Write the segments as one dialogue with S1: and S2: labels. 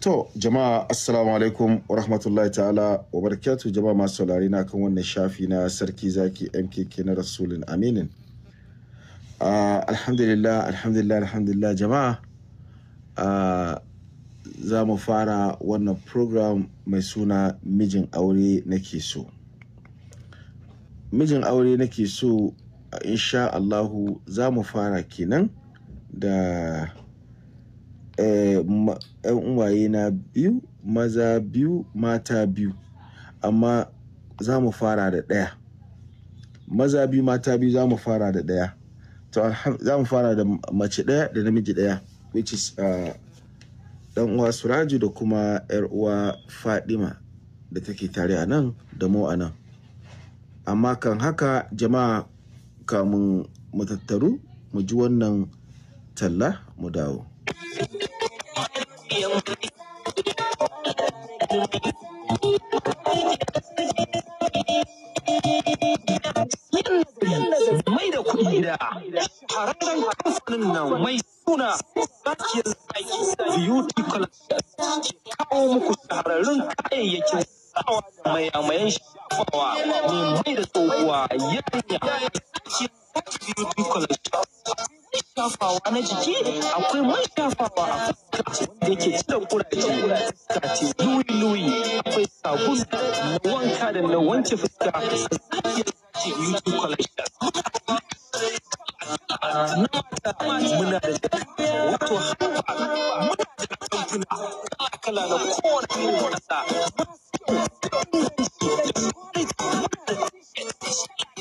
S1: To jama'a assalamu alaikum wa rahmatullahi ta'ala wa barakatu jama'a masu saurari na kan wannan shafi na sarki zaki MKK na Rasulun Aminin. Ah, alhamdulillah alhamdulillah alhamdulillah jama'a ah, za mu fara wannan program mai suna mijin aure nake so. Mijin aure nake so insha Allahu za mu fara kenan da 'yan eh, uwaye na biyu maza biyu mata biyu amma za mu fara da ɗaya. Maza biyu mata biyu za mu fara da ɗaya. To za mu fara da mace ɗaya da namiji ɗaya which is ah, ɗan uwa Suraju da kuma 'yar uwa Fadima da take tare a nan da mu a nan. Amma kan haka jama'a kamun mu tattaru mu ji wannan talla mu dawo.
S2: mai da kuɗi gida, hararen kamfanin nan mai suna zakiyar zaki beauty collection kawo muku shahararrun kayayyakin sawa mayamayan shafawa mai mai da tsohuwa yanya shafawa na jiki akwai man shafawa a fuska da yake cire kuraje fuska ce luyi luyi akwai sabon na wanka da na wanke fuska sassafiyar ce beauty collection na muna da wato haifa muna da kamfuna kala na kowane irin wasa masu da inganci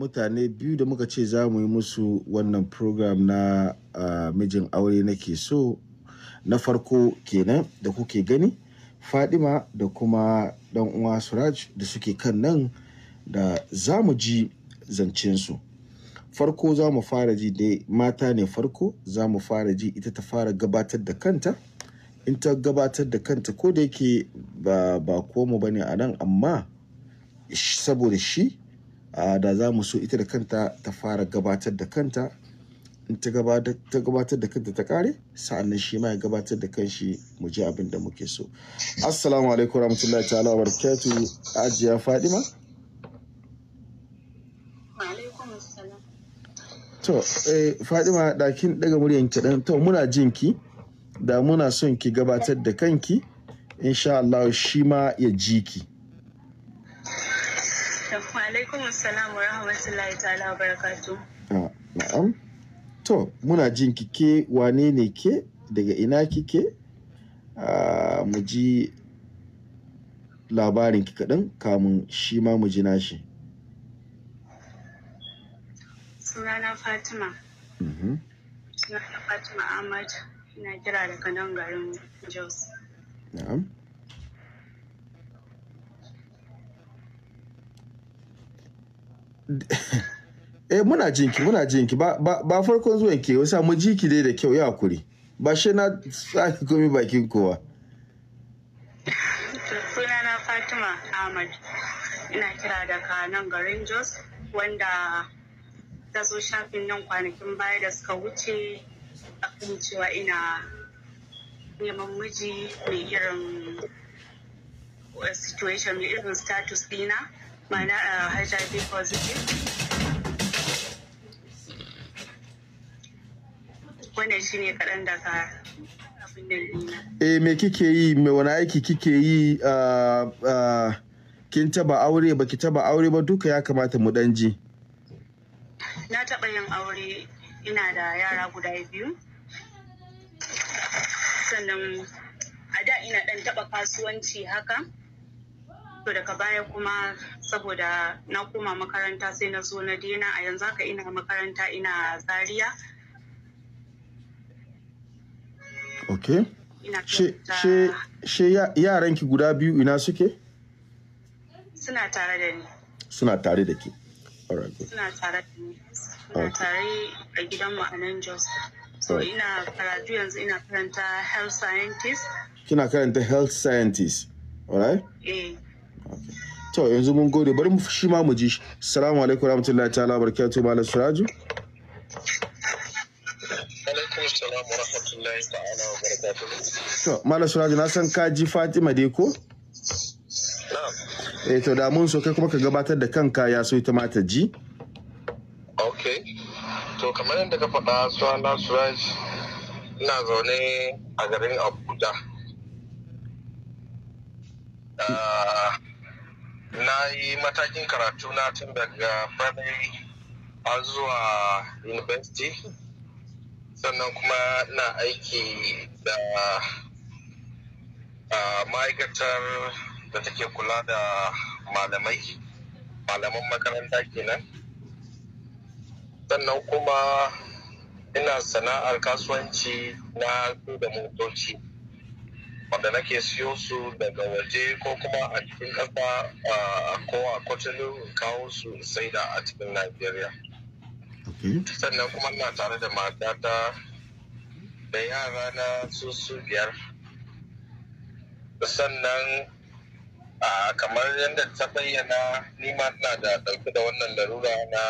S1: mutane biyu da muka ce za mu yi musu wannan program na mijin aure nake so na farko kenan da kuke gani fadima da kuma dan uwa suraj da suke kan nan da za mu ji zancensu farko za mu fara ji dai mata ne farko za mu fara ji ita ta fara gabatar da kanta in ta gabatar da kanta ko da yake ba, ba mu bane a nan amma saboda shi da za mu so ita da kanta ta fara gabatar da kanta in ta gabatar da kanta ta kare sa'annan shi ma ya gabatar da kanshi mu ji abin da muke so assalamu alaikum rahmatullahi ta'ala barakatu ajiya fadima to eh fadima dakin daga muryan ki dan to muna jin ki da muna son ki gabatar da kanki insha Allah shi ma ya ji ki Ah, to, muna jin kike wane ne ke daga ina kike? Ah, mu ji labarin ki kaɗan kamun shi ma mu ji nashi.
S3: Sunana Fatima. Mm-hmm. Sunana Fatima Ahmad, ina kira daga nan garin Jos.
S1: eh muna jinki muna jinki ba ba farkon zuwan ke wasa mu jiki dai da kyau ya kuri. ba shi na tsaki komi bakin kowa
S3: na Fatima Ahmad ina kira daga nan garin Jos wanda ta zo shafin nan kwanakin baya da suka wuce akan cewa ina neman miji mai irin situation mai irin status dina ma'ana HIV uh, positive wannan shi ne kaɗan daga
S1: Eh me kike yi me wani aiki kike yi ah, ah, kin taba aure baki taba aure ba duka ya kamata mu dan ji.
S3: Na taba yin aure ina da yara guda biyu. Sannan a da ina dan taba kasuwanci haka. to daga baya kuma saboda na koma makaranta sai na zo na dena a yanzu haka ina makaranta ina zaria
S1: ok she yaranki guda biyu ina suke
S3: suna tare da ni
S1: suna tare da ke
S3: suna tare da ni suna tare a gidan mu a nan jos so ina karatu yanzu ina karanta health scientist
S1: kina karanta health scientist alright eh to yanzu mun gode bari mu shi ma mu ji shi assalamu alaikum warahmatullahi ta'ala barakatuhu malam suraju To, Malam Suraju, na san ka ji Fatima dai ko? Eh to da mun so kai kuma ka gabatar da kanka ya so ita ma ta ji.
S4: Okay. To kamar yadda ka faɗa Suwana Suraj ina zaune a garin Abuja. Ah, na yi matakin karatu na tun daga primary har zuwa university sannan kuma na aiki da ma'aikatar da take kula da malamai malaman makaranta kenan sannan kuma ina sana'ar kasuwanci na da motoci wanda nake siyo su daga waje ko kuma a cikin ƙasa ko a kwatano kawo su saida a cikin Najeriya. Sannan kuma na tare da matata da yara na su su biyar. Sannan kamar yadda ta bayyana nima na da ɗauke da wannan larura na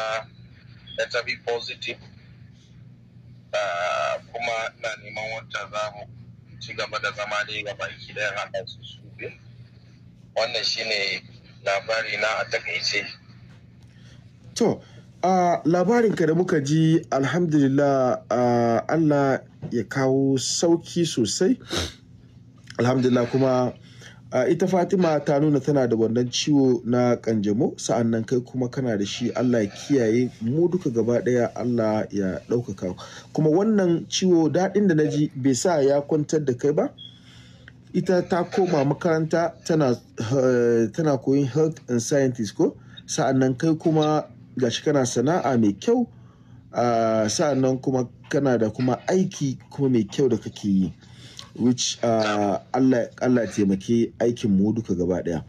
S4: HIV positive kuma na neman wata zamu ci gaba da zama dai ga baki haɗa su su biyu wannan shine labari na a takaice
S1: to a labarinka da muka ji alhamdulillah allah ya kawo sauki sosai alhamdulillah kuma a ita fatima ta nuna tana da wannan ciwo na kanjamo nan kai kuma kana da shi allah ya kiyaye mu duka gaba daya allah ya ɗaukaka kuma wannan ciwo daɗin da na ji bai sa ya kwantar da kai ba ita ta koma makaranta tana, uh, tana koyin health and scientist ko sa'an nan kai kuma gashi kana sana'a mai kyau uh, ah, nan kuma kana da kuma aiki kuma mai kyau da kake yi which uh, Allah Allah taimake aikin mu duka gaba daya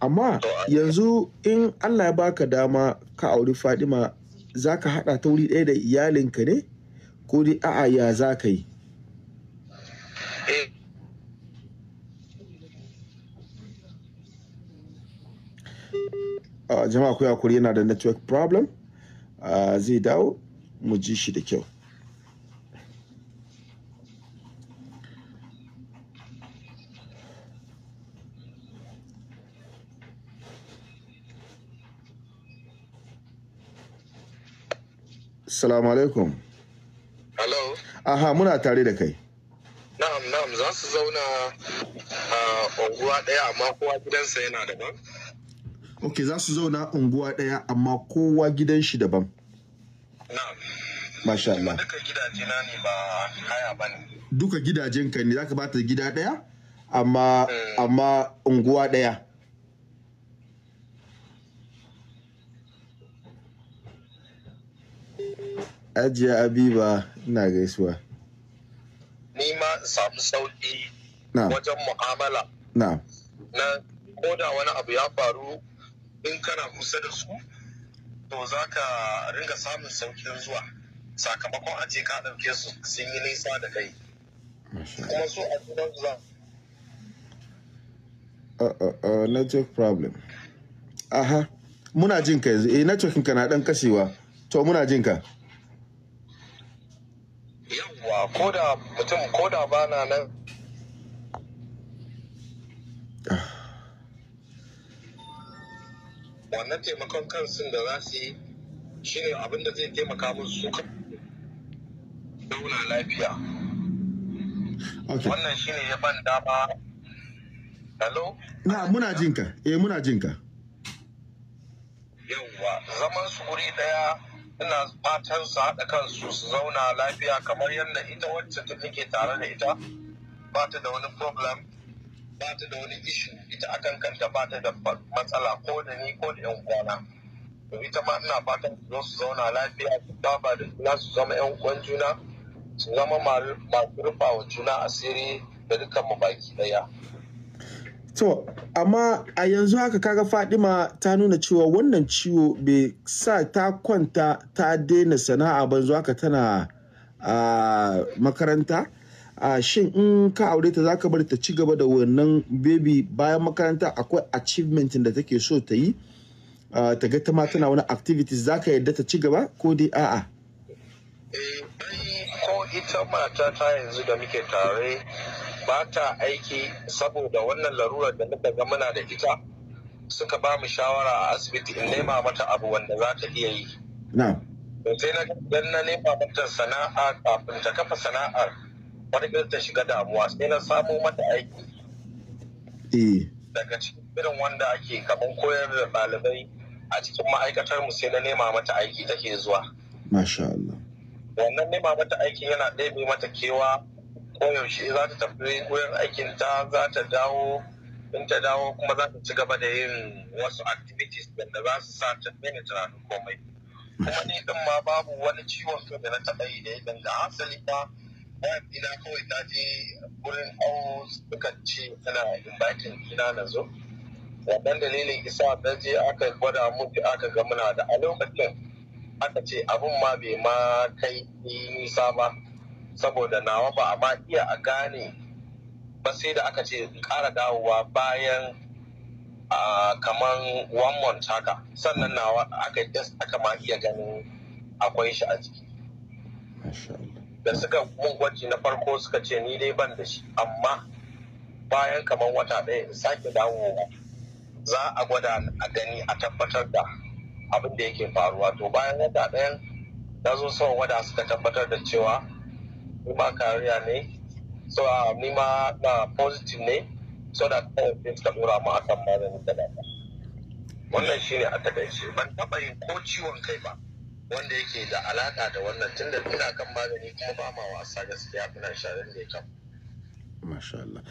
S1: amma yanzu in Allah ya baka dama ka auri Fadima zaka hada ta wuri ɗaya da iyalinka ne ko dai a'a ya zaka yi eh. ah, jama'a kuya kuri yana da network problem ah, zai dawo mu ji shi da kyau Salamu alaikum. Hello. Aha, muna tare da kai. Na'am, na'am, za su zauna a unguwa ɗaya amma kowa gidansa yana daban. Ok, za su zauna unguwa ɗaya amma kowa gidan shi daban. Na'am. Masha Allah. Duka gidaje na ne ba haya ba ne. Duka gidajen ka ne, za ka bata gida ɗaya? Amma, mm. amma unguwa ɗaya. Ajiya Abiba ina gaisuwa.
S4: Ni ma samu sauƙi wajen mu'amala. Na. koda ko da wani abu ya faru in kana kusa da su to za ka ringa samun sauƙin zuwa sakamakon ce ka ɗauke su sun yi nisa da kai. Kuma su a gidan za.
S1: Uh, uh, uh network problem. Aha, muna jinka yanzu, eh network na ɗan kashewa, to muna jinka. ka.
S4: yawa ko da mutum ko da ba na nan wannan taimakon kansun da za su yi shine abin da zai taimaka musu su dauna lafiya wannan shine ya ban dama hello
S1: na muna jinka eh muna jinka yawwa zaman su guri daya ina fatan
S4: su haɗa kansu su zauna lafiya kamar yadda ita wacce ta take tare da ita ba ta da wani problem ba ta da wani ishu ita akan kanta ba ta da matsala ko da ni ko da yan uwana to ita ma ina fatan su zo su zauna lafiya su baba da su zama yan uwan juna su zama masu rufa wa juna asiri da dukkan mu baki daya
S1: To, amma a yanzu haka kaga Fadima ta nuna cewa wannan ciwo bai sa ta kwanta ta daina sana'a ba zuwa haka tana a makaranta. A shin in ka aure ta zaka bari ta ci gaba da wannan baby bayan makaranta akwai achievement da take so ta yi ta ga ma tana wani activities zaka yadda ta ci gaba ko dai a'a.
S2: Eh,
S4: ko ita mata ta yanzu da muke tare ba ta aiki saboda wannan larurar da muka ga muna da ita suka ba mu shawara a asibiti in nema mata abu wanda za ta iya yi. sai na gan na nema mata sana'a kafin ta kafa sana'ar wata ta shiga damuwa sai na samo mata aiki. Eh. Daga cikin irin wanda ake kaman koyar da ɗalibai a cikin ma'aikatar mu sai na nema mata aiki take zuwa. Wannan nema mata aiki yana ɗebe mata kewa koyaushe za ta tafi wurin aikin ta za ta dawo in ta dawo kuma za ta ci gaba da yin wasu activities da za su sa ta da tunanin komai kuma ni din ma babu wani ciwon so da na taɓa yi da ya da asali ba ina kawai ta je wurin awo suka ce tana invitin ina na zo wannan dalilin isa ta je aka gwada mutu aka ga muna da a lokacin aka ce abun ma bai ma kai nisa ba saboda nawa ba a ma iya a gane ba sai da aka ce kara dawowa bayan a kaman one month haka sannan nawa aka aka ma iya ganin akwai shi a jiki da suka mun gwaji na farko suka ce ni dai ban da shi amma bayan kamar wata ɗaya sake dawowa za a gwada a gani a tabbatar da abin da yake faruwa to bayan wata ɗaya da zo sau wada suka tabbatar da cewa human career ne so ah, ni ma na positive ne so da kawai sai suka dora mu akan maganin da dama wannan shine a takaice ban taba yin ko ciwon kai ba wanda yake da alaka da wannan tunda ina kan magani kuma ba ma wasa gaskiya ina sharar da kam
S1: masha Allah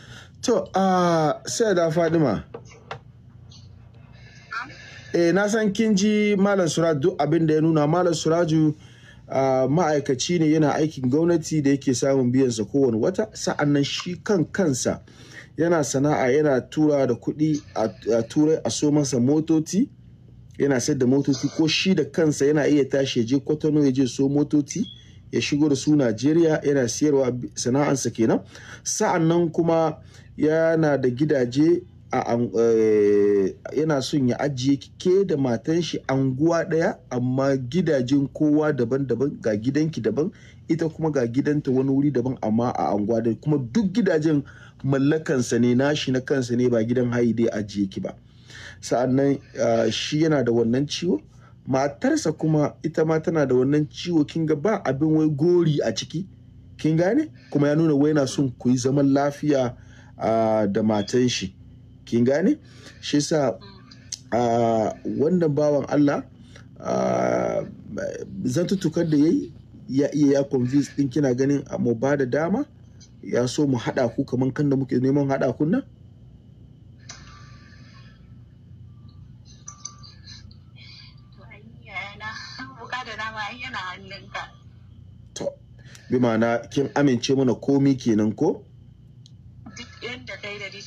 S1: to ah, a sai da Fadima eh na san kin ji malam Suraju duk abin da ya nuna malam Suraju ma'aikaci ne yana aikin gwamnati da yake samun biyansa kowane wata sa'annan shi kan kansa yana sana'a yana tura da kuɗi a turai a so masa motoci yana sayar da motoci ko shi da kansa yana iya tashi ya je kwatano ya je so motoci ya shigo da su Najeriya yana siyarwa sana'ansa kenan sa'annan kuma yana da gidaje Eh, yana son ya ajiye ke da matan shi anguwa daya amma gidajen kowa daban-daban ga gidanki daban ita kuma ga gidanta wani wuri daban amma a anguwa da kuma duk gidajen mallakansa ne nashi na kansa ne ba gidan hayi dai ajiye ki ba sa'annan shi yana da wannan ciwo matarsa kuma ita ma tana da wannan ciwo kin ga ba abin wai gori a ciki kin gane kuma ya nuna wai yana son ku yi zaman lafiya da matan shi kin gane shi sa wannan bawan Allah zantuttukar da yayi yi ya iya ya convince din kina ganin mu ba da dama ya so mu haɗa ku kaman kan da muke neman hada ku nan bi ma'ana kin amince mana komi kenan ko?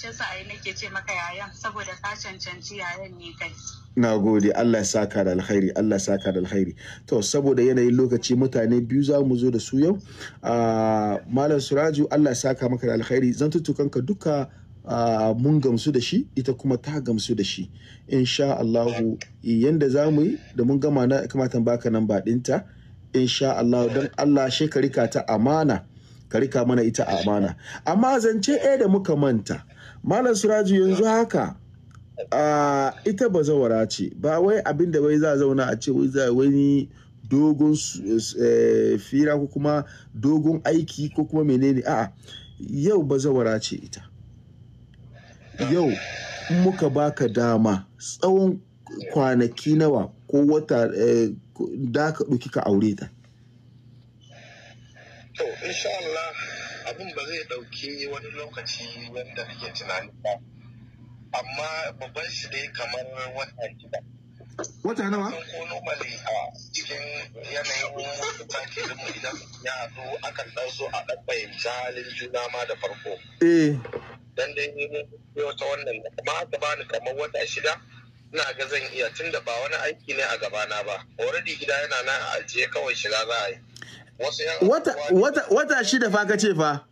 S3: shi yasa ai nake ce maka yayan saboda ka cancanci yayan ne kai
S1: na gode Allah saka da alkhairi Allah ya saka da alkhairi to saboda yanayin lokaci mutane biyu za mu zo da su yau ah, malam suraju Allah ya saka maka da alkhairi zan tutukanka duka ah, mun gamsu da shi ita kuma ta gamsu da shi insha Allahu yanda za mu yi da mun gama na kamata baka nan ba dinta insha Allah don Allah shekarika ta amana ka mana ita a amana amma zance ɗaya da muka manta malam suraju yanzu haka ita ita bazawara ce ba wai abin da wai za zauna a ce wai za wani dogon eh, fira ko kuma dogon aiki ko kuma menene a'a yau bazawara ce ita yau muka baka dama tsawon kwanaki nawa ko wata eh, da ka ɗauki ka aure ta.
S4: To, insha abin ba zai ɗauki wani lokaci wanda nake tunani ba amma babban shi dai kamar wata gida. wata nawa ko normally a cikin yanayin mataki da mu idan ya haɗu akan ɗan so a ɗan fahimci halin juna ma da farko eh dan dai wata wannan kuma aka bani kamar wata shida ina ga zan iya tunda ba wani aiki ne a gabana ba already gida yana nan a ajiye kawai shiga za a yi
S1: wata, wata shida fa ka ce fa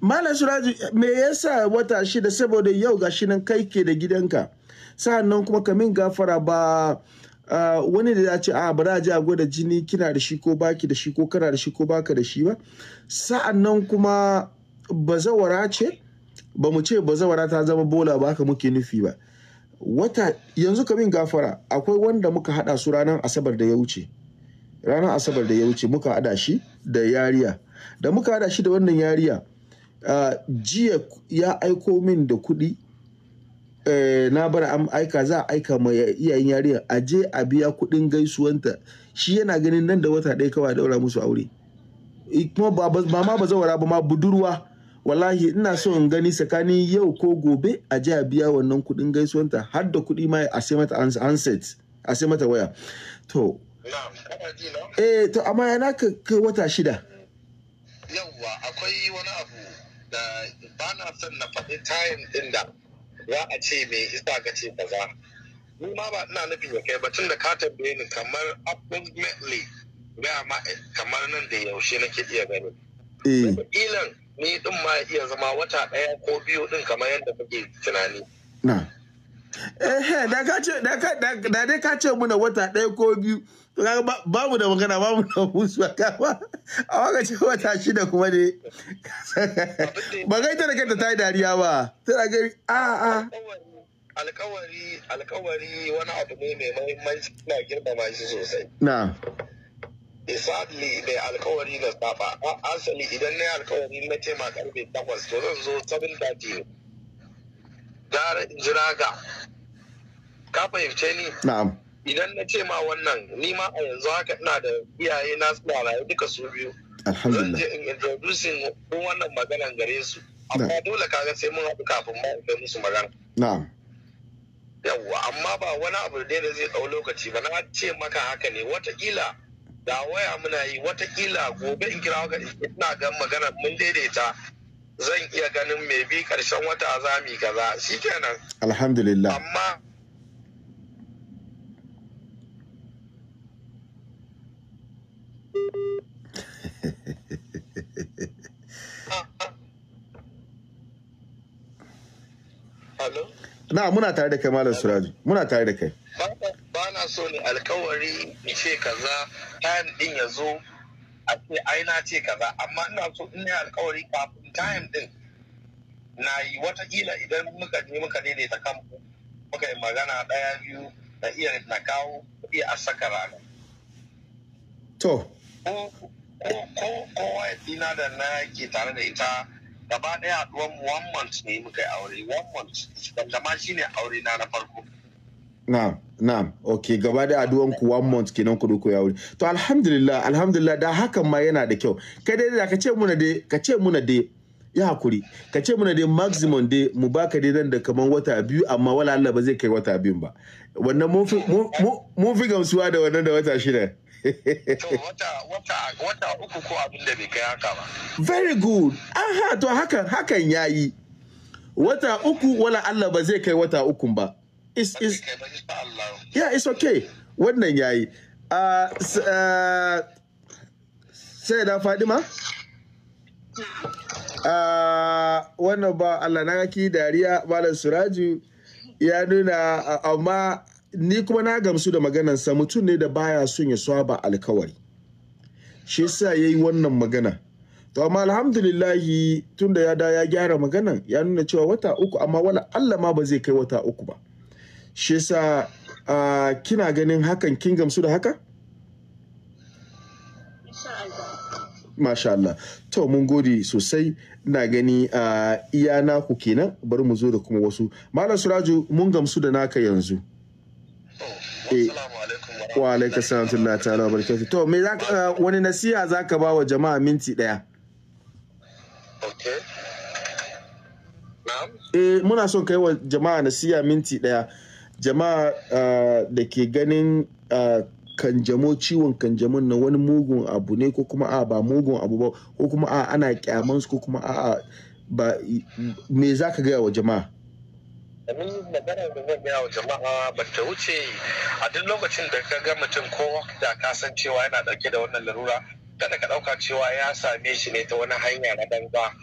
S1: Malam Suraji, me yasa wata shida saboda yau gashi nan kai ke da gidanka sa'annan kuma kamin gafara ba wani da ya ce a ba a ji a gwada jini kina da shi ko baki da shi ko kana da shi ko baka da shi ba sa'annan kuma bazawara ce ba mu ce bazawara ta zama bola ba ka muke nufi ba wata yanzu kamin gafara akwai wanda muka hada su ranar asabar da ya wuce ranar asabar da ya wuce muka hada shi da yariya da muka hada shi da wannan yariya jiya ya aiko min da kuɗi e, na bar an aika za a aika ma iyayen yariya a je a biya kuɗin gaisuwanta shi yana ganin nan da wata ɗaya kawai daura musu aure kuma ba ma ba zawara ba ma budurwa wallahi ina so in gani tsakanin yau ko gobe a je a biya wannan kuɗin gaisuwanta har da kuɗi ma a sai mata a sai mata waya to eh to amma yana kai wata shida yauwa akwai wani
S4: abu da ba na son na faɗi tayin ɗin da za a ce mai isa ga ce kaza ni ma ba ina nufin ya kai batun da ka tambaye ni kamar approximately gaya ma eh, kamar nan da yaushe nake iya gani eh.
S2: ilan ni din ma iya zama wata ɗaya ko biyu din kamar yadda kuke tunani na
S1: eh, eh da ka ce da dai ka ce muna wata ɗaya ko biyu to kaga babu da magana babu da musu ka ba a waka ce wata shida kuma ne ba gaita da kanta ta yi dariya ba tana gari a a alkawari alkawari wani abu ne mai mahimmanci na girmama shi sosai na sadly
S4: da alkawari na saba asali idan na yi alkawari na ce ma karfe takwas to zan zo sabin dati gara in ka ka fahimce ni na'am idan na ce ma wannan ni ma a yanzu haka ina da iyaye na suna rayu duka su biyu zan je in introducing ko wannan maganan gare su amma dole kaga sai mun haɗu kafin ma kai musu magana
S1: na'am yawwa amma ba wani abu
S4: da zai ɗau lokaci ba na ce maka haka ne watakila da waya muna yi watakila gobe in kira ka ina ga magana mun daidaita zan iya ganin mai bi karshen wata azami kaza shikenan
S1: alhamdulillah amma na muna tare da kai malam suraju muna tare da kai
S4: ba na so ne alkawari in ce kaza time din ya zo a ce ai na ce kaza amma ina so in yi alkawari kafin time din na yi watakila idan muka ne muka daidaita kanmu muka yi magana daya biyu na iya na kawo kuɗi a saka rana. To. Ko kowa ina da na ke tare da ita gaba ɗaya haɗuwan one month ne muka yi aure one month wanda ma shine aure na na farko
S1: na'am na'am ok gaba da aduwan ku one month kenan ku duku ya wuri to alhamdulillah alhamdulillah da hakan ma yana da kyau kai dai da ka ce muna dai ka ce muna dai ya hakuri ka ce muna dai maximum dai mu baka dai nan da kaman wata biyu amma wala Allah ba zai kai wata biyun ba wannan mun fi gamsuwa da wannan da wata shida
S4: wata uku ko
S1: abin da bai kai haka ba very good aha to hakan hakan yayi wata uku wala Allah ba zai kai wata ukun ba is is yeah it's okay wannan yayi yi. Ah, ah, sai da Fadima ah, wannan ba Allah na ki dariya malam Suraju ya nuna amma ni kuma na gamsu da maganan sa mutum ne da baya son ya saba alkawari shi yasa yayi wannan magana to amma alhamdulillahi tunda ya da ya gyara maganan ya nuna cewa wata uku amma wala Allah ma ba zai kai wata uku ba shi yasa uh, kina ganin hakan kin gamsu da haka Masha Allah. To mun gode sosai na gani a iya naku kenan bari mu zo da kuma wasu. Malam Suraju mun gamsu da naka yanzu. wa alaika salatullahi ta'ala barakatuh to me za uh, wani nasiha zaka ba wa jama'a minti daya okay eh muna son kai wa jama'a nasiha minti daya jama'a uh, da ke ganin uh, kanjamo ciwon kanjamon na wani mugun abu ne ko kuma a ba mugun abu ba ko kuma a ana kyaman su ko kuma a ba me za ka gaya wa jama'a
S2: domin
S4: magana da zan gaya wa jama'a ba ta wuce a duk lokacin da ka ga mutum ko da ka san cewa yana ɗauke da wannan larura kada ka ɗauka cewa ya same shi ne ta wani hanya na banza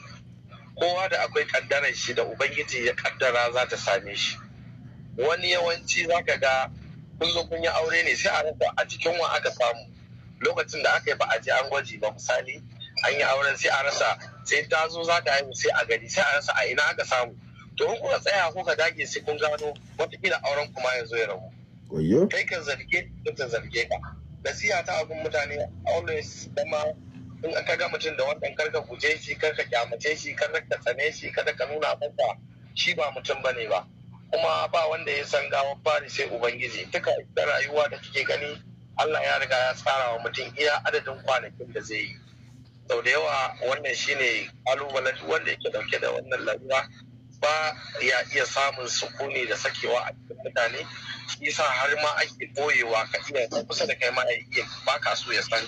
S4: kowa da akwai kaddarar shi da ubangiji ya kaddara za ta same shi wani yawanci za ka ga kullum kun yi aure ne sai a rasa a cikin wa aka samu lokacin da aka yi ba a je an gwaji ba misali an yi auren sai a rasa sai ta zo za ta haihu sai a gani sai a rasa a ina aka samu to in kuka tsaya ka dage sai kun gano wataƙila auren kuma ya zo ya
S1: rabu kai
S4: kan zarge kan zarge ka nasiha ta abin mutane always dama
S2: in aka ga mutum da wannan
S4: karka guje shi karka kyamace shi karka tsane shi kada ka nuna masa shi ba mutum bane ba kuma ba wanda ya san gawar fari sai ubangiji duka da rayuwa da kike gani Allah ya riga ya tsara wa mutum iya adadin kwanakin da zai yi sau da yawa wannan shine kalubalen wanda yake dauke da wannan lalura ba ya iya samun sukuni da sakewa a cikin mutane shi yasa har ma ake boyewa ka iya kusa da kai ma ya iya ba ka so ya san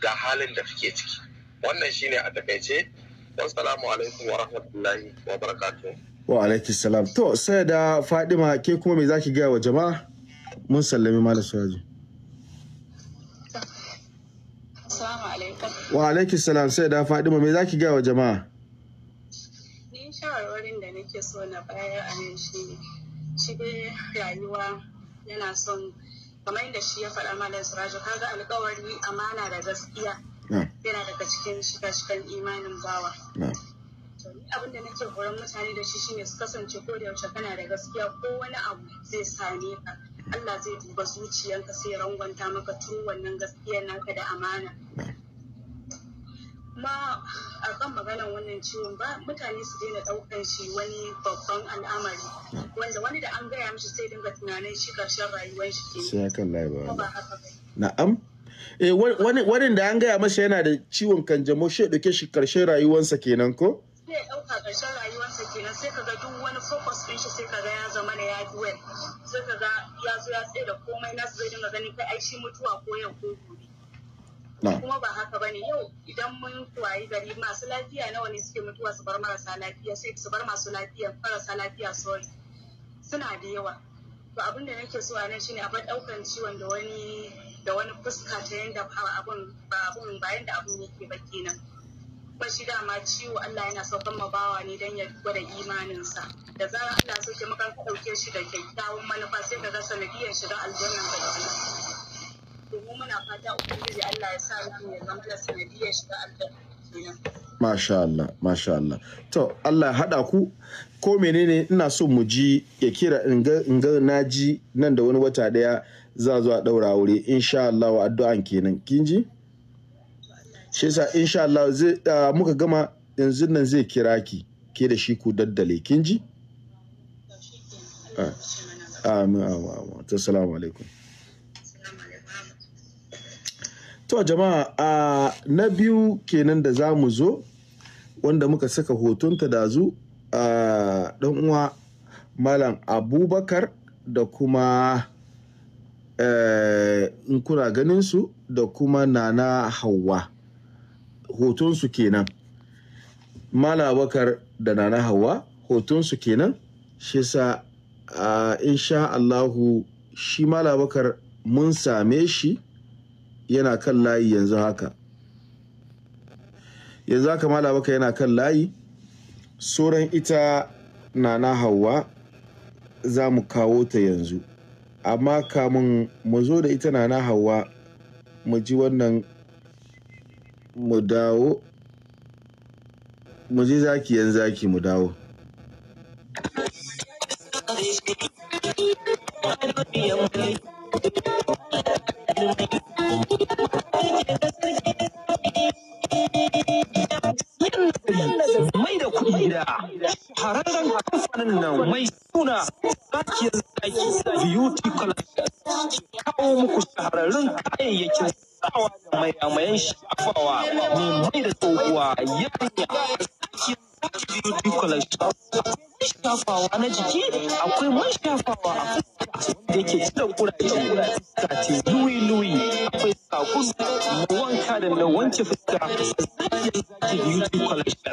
S4: ga halin da kake ciki wannan shine a takaice salamu alaikum wa rahmatullahi wa barakatuh
S1: wa alaikis salam to sai da fadima ke kuma me zaki gaya wa jama'a mun sallami malam suraji wa alaikis salam sai da fadima me zaki gaya wa jama'a
S3: nake so na bayar a nan shi ne shi dai rayuwa yana son kamar yadda shi ya faɗa malam siraju kaga alkawari amana da gaskiya yana daga cikin shiga-shigan imanin bawa abin da nake horon mutane da shi shine su kasance ko da yaushe kana da gaskiya ko wani abu zai same ka Allah zai duba zuciyanka sai rangwanta maka tun wannan gaskiyar naka da amana amma a kan maganan wannan ciwon ba mutane su daina ɗaukan shi wani babban al'amari wanda wani da an gaya mishi sai dinga tunanin shi karshen rayuwar shi ke sai na ba
S1: na'am eh wani wani da an gaya masa yana da ciwon kanjamau shi dauke shi karshen rayuwarsa kenan ko
S3: ya ɗauka karshen rayuwarsa kenan sai kaga duk wani focus din shi sai kaga ya zama na ya duwe sai kaga ya zo ya tsaye da komai nasu zai dinga ganin kai ai shi mutuwa ko yau ko gobe kuma ba haka bane yau idan mun kwayi gari masu lafiya nawa ne suke mutuwa su bar marasa lafiya sai su bar masu lafiya marasa lafiya sorry suna da yawa to abin da nake so a nan shine a daukan ciwon da wani da wani fuska ta yanda ba abun ba abun ba yanda abun yake ba kenan ba shi dama ciwo Allah yana saukan ma bawa ne dan ya gwada imaninsa da zarar Allah so ke ka dauke shi da kyakkyawan manufa sai ka ga sanadiyar shiga aljanna ga Allah domin muna Allah ya
S1: Masha Allah, Masha Allah. To, haɗa ku, ko menene ina so mu ji ya kira in ga na ji nan da wani wata ɗaya za a ɗaura aure, insha Allah wa addu'an kenan. Kin ji? Shi yasa insha Allah muka gama yanzu nan zai kira ki ke da shi ku daddale. Kin ji? Ah, amin, amin, amin. alaikum. To jama'a a na biyu kenan da za mu zo wanda muka saka hotonta da zu a uwa Malam Abubakar da kuma e, in kuna ganin su da kuma Nana Hauwa. Hotonsu kenan. Malam Abubakar da Nana Hauwa hotonsu kenan shi sa insha Allahu shi Malam Abubakar mun same shi yana kan layi yanzu haka yanzu haka malam abubakar yana kan layi sauran ita nana hawa za mu kawo ta yanzu amma kamun mu zo da ita nana hawa mu ji wannan mu dawo mu ji zaki yan zaki mu dawo
S2: Thank you. mai da kuɗi da hararren kamfanin nan mai suna zaki zaki beauty collection kawo muku shahararrun kayayyakin sawa da mayamayan shafawa mai mai da tsohuwa yanya sarkin beauty collection akwai shafawa na jiki akwai man shafawa a fuska da yake cire kuraje fuska ta luwi luwi akwai sakun na wanka da na wanke fuska sarkin beauty collection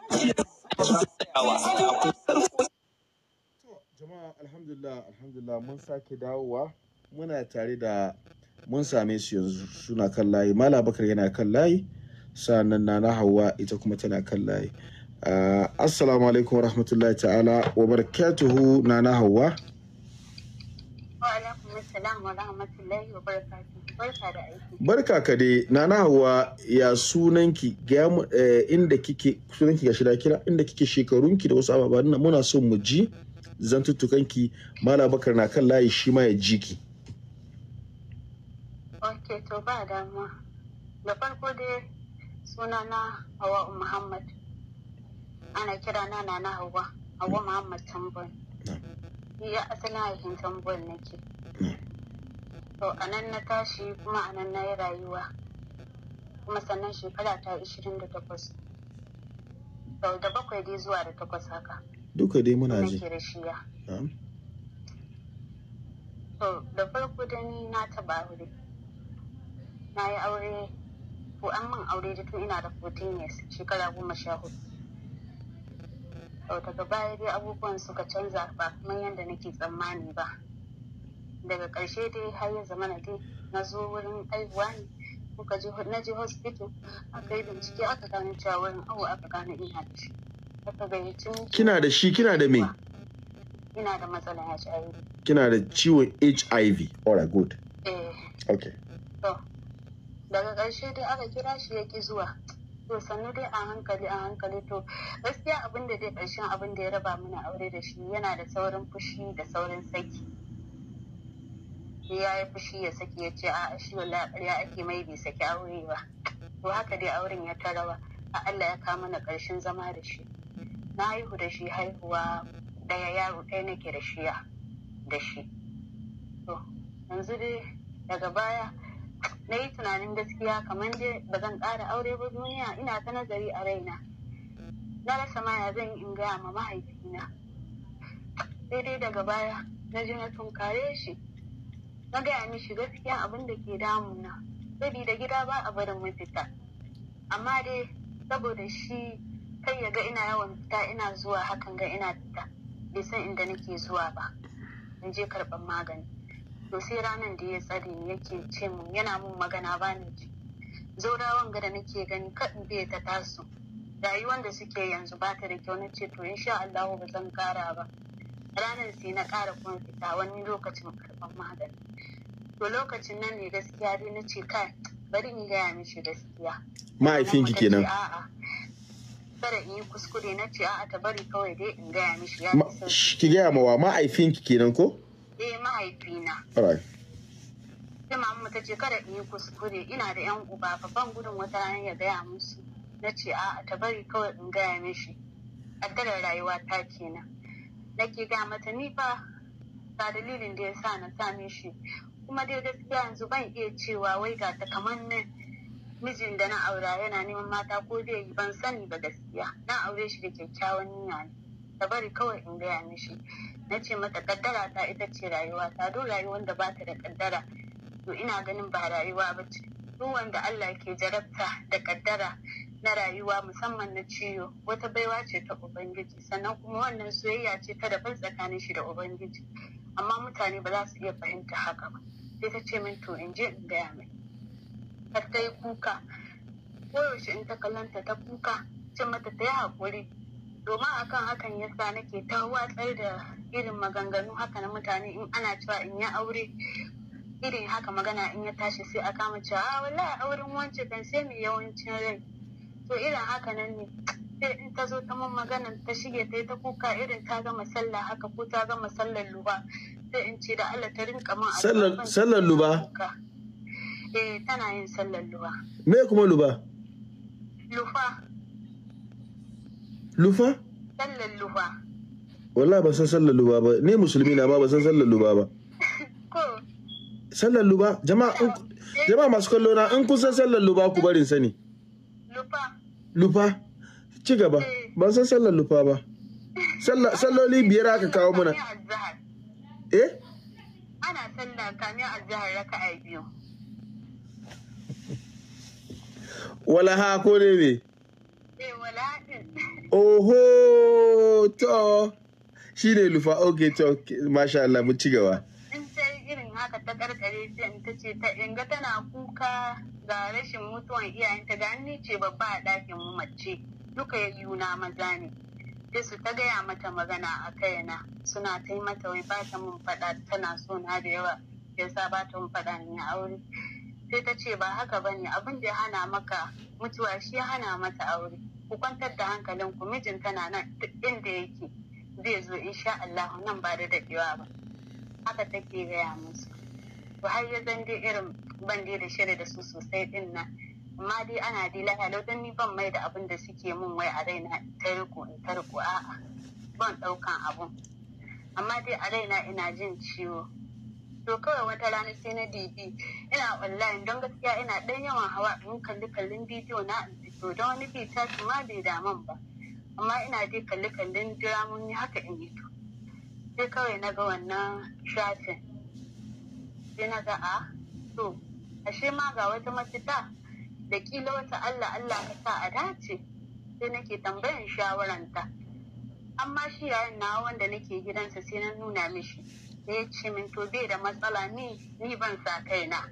S2: jama'a
S1: alhamdulillah alhamdulillah mun sake dawowa muna tare da mun same su yanzu suna kan layi mala bakar yana kan layi sannan na hawa ita kuma tana kan layi ah, assalamu alaikum wa rahmatullahi ta'ala wa barakatuhu na hawa wa
S3: alaikum assalam wa rahmatullahi wa barakatuhu
S1: Barka ka dai Nana Hawa ya sunanki eh, inda kike sunanki ga shida kira inda kike shekarunki da wasu ababen nan muna son mu ji zantuttukanki Malam Bakar na kan layi shi ma ya ji ki.
S3: Ok to ba damuwa. Da farko dai sunana Hawa Muhammad. Ana kira na Nana Hauwa. Hawa Muhammad Tambon. iya ya asalin aikin Tambon nake. to a nan na tashi kuma a nan na yi rayuwa kuma sannan shekara ta ishirin da takwas sau da bakwai dai zuwa da takwas haka
S1: duka dai muna ji
S3: da shiya to da farko da ni na taba aure na yi aure ko an min aure da tun ina da 14 years shekara goma sha hudu daga baya dai abubuwan suka canza ba kamar yadda nake tsammani ba daga ƙarshe dai har ya zama na dai na zo wurin aiwa ne kuka je na je hospital aka yi bincike aka gano cewa wurin awo aka gano ina da shi aka gayyaci
S1: kina da shi kina da me
S3: ina da matsalar HIV
S1: kina da ciwon HIV right good eh okay to
S3: daga ƙarshe dai aka kira shi ya ki zuwa to sannu dai a hankali a hankali to gaskiya abin da dai ƙarshen abin da ya raba mana aure da shi yana da saurin fushi da saurin saki ke ya yi fushi ya saki ya ce a shi wallahi ƙarya ake mai bai saki aure ba to haka dai auren ya tarawa a Allah ya kawo mana ƙarshen zama da shi na haihu da shi haihuwa ɗaya yaro ɗaya nake da shi da shi to yanzu dai daga baya na yi tunanin gaskiya kamar dai ba zan ƙara aure ba duniya ina ta nazari a raina na rasa maya zan in gaya ma mahaifina sai dai daga baya na ji na tunkare shi na gaya mishi gaskiya abin da ke damuna sabida gida ba a barin mafita amma dai saboda shi kai ya ga ina yawan fita ina zuwa hakan ga ina fita bai san inda nake zuwa ba in je karɓar magani to sai ranar da ya tsare ni yake ce mun yana mun magana ba ni ji zaurawan ga da nake gani kaɗin bai ta taso rayuwar da suke yanzu ba ta da kyau na ce to sha Allah ba zan kara ba ranar sai na ƙara kuma fita wani lokacin karɓar magani to lokacin nan ne gaskiya dai na ce kai bari in gaya mishi gaskiya
S1: ki kenan kada in yi kuskure
S3: na ce a'a ta bari kawai dai in gaya mishi ya
S1: ki gaya ma wa mahaifinki kenan ko
S3: eh mahaifina sai mamu ta ce kada in yi kuskure ina da yan uba babban gudun wata rana ya gaya musu na ce a'a ta bari kawai in gaya mishi addalar rayuwa ta kenan nake ga mata ni ba. Ba dalilin da ya sa na same shi kuma dai gaskiya yanzu ban iya cewa wai ga ta kamar nan mijin da na aura yana neman mata ko zai yi ban sani ba gaskiya na aure shi da kyakkyawan niyya ne ta bari kawai in gaya mishi na ce mata kaddara ta ita ce rayuwa ta duk rayuwar da bata da kaddara to ina ganin ba rayuwa ba ce duk wanda Allah ke jarabta da kaddara na rayuwa musamman na ciwo wata baiwa ce ta ubangiji sannan kuma wannan soyayya ce ta daban tsakanin shi da ubangiji amma mutane ba za su iya fahimta haka ba sai ta ce min to in je in gaya mai har ta yi kuka koyaushe in ta kallanta ta kuka ce mata ta yi haƙuri domin akan hakan sa nake ta watsar da irin maganganu haka na mutane in ana cewa in yi aure irin haka magana in ya tashi sai a kama cewa a ah, wallahi auren wancan kan sai mai yawancin rai to irin haka nan ne sai in ta zo ta mun magana ta shige ta yi ta kuka irin ta gama sallah haka ko ta gama sallar luba sai in ce da Allah ta rinka min sallar luba eh tana yin sallar luba
S1: me kuma luba lufa lufa
S3: sallar luba
S1: walla ba san sallar luba ba ni musulmi na ba ba san sallar luba ba sallar luba jama'a jama'a masu kallo na in kun san sallar luba ku barin sani lufa lufa ci gaba eh. ban san sallar lufa ba salloli biyar aka kawo mana
S3: eh ana sallah kamin azhar raka'a biyu
S1: wala ha ko ne ne eh
S3: wala
S1: oho to shi ne lufa okay to masha Allah mu ci gaba
S3: haka ta karkare in ta ce ta inga tana kuka ga rashin mutuwan iyayenta ga ni ce babba a ɗakin mu mace duka yuna maza ne sai su ta gaya mata magana a kaina suna kai mata wai ba ta mun faɗa tana so na da yawa ya sa ba ta mun faɗa ni aure sai ta ce ba haka ba ne abin da ya hana maka mutuwa shi ya hana mata aure ku kwantar da hankalin ku mijin tana nan duk inda yake zai zo insha Allah nan ba da daɗewa ba haka take gaya musu to har ya zan dai irin ban dai da shirya da su sosai din nan amma dai ana dai lahalo don ni ban mai da abin da suke mun wai a raina ta riko in ta riko a'a ban ɗaukan abun amma dai a raina ina jin ciwo to kawai wata rana sai na dibi ina online don gaskiya ina ɗan yawan hawa in kalli kallin bidiyo na to don wani bi ta ma bai daman ba amma ina dai kalli kallin diramomi haka in yi to sai kawai na ga wannan shafin sai na ga a ah, to ashe ma ga wata mafita da kila wata Allah Allah ka sa a dace sai nake tambayan shawaranta amma shi yayin na wanda nake gidansa sai na nuna mishi da ya ce min to bai da matsala ni ni ban sa kaina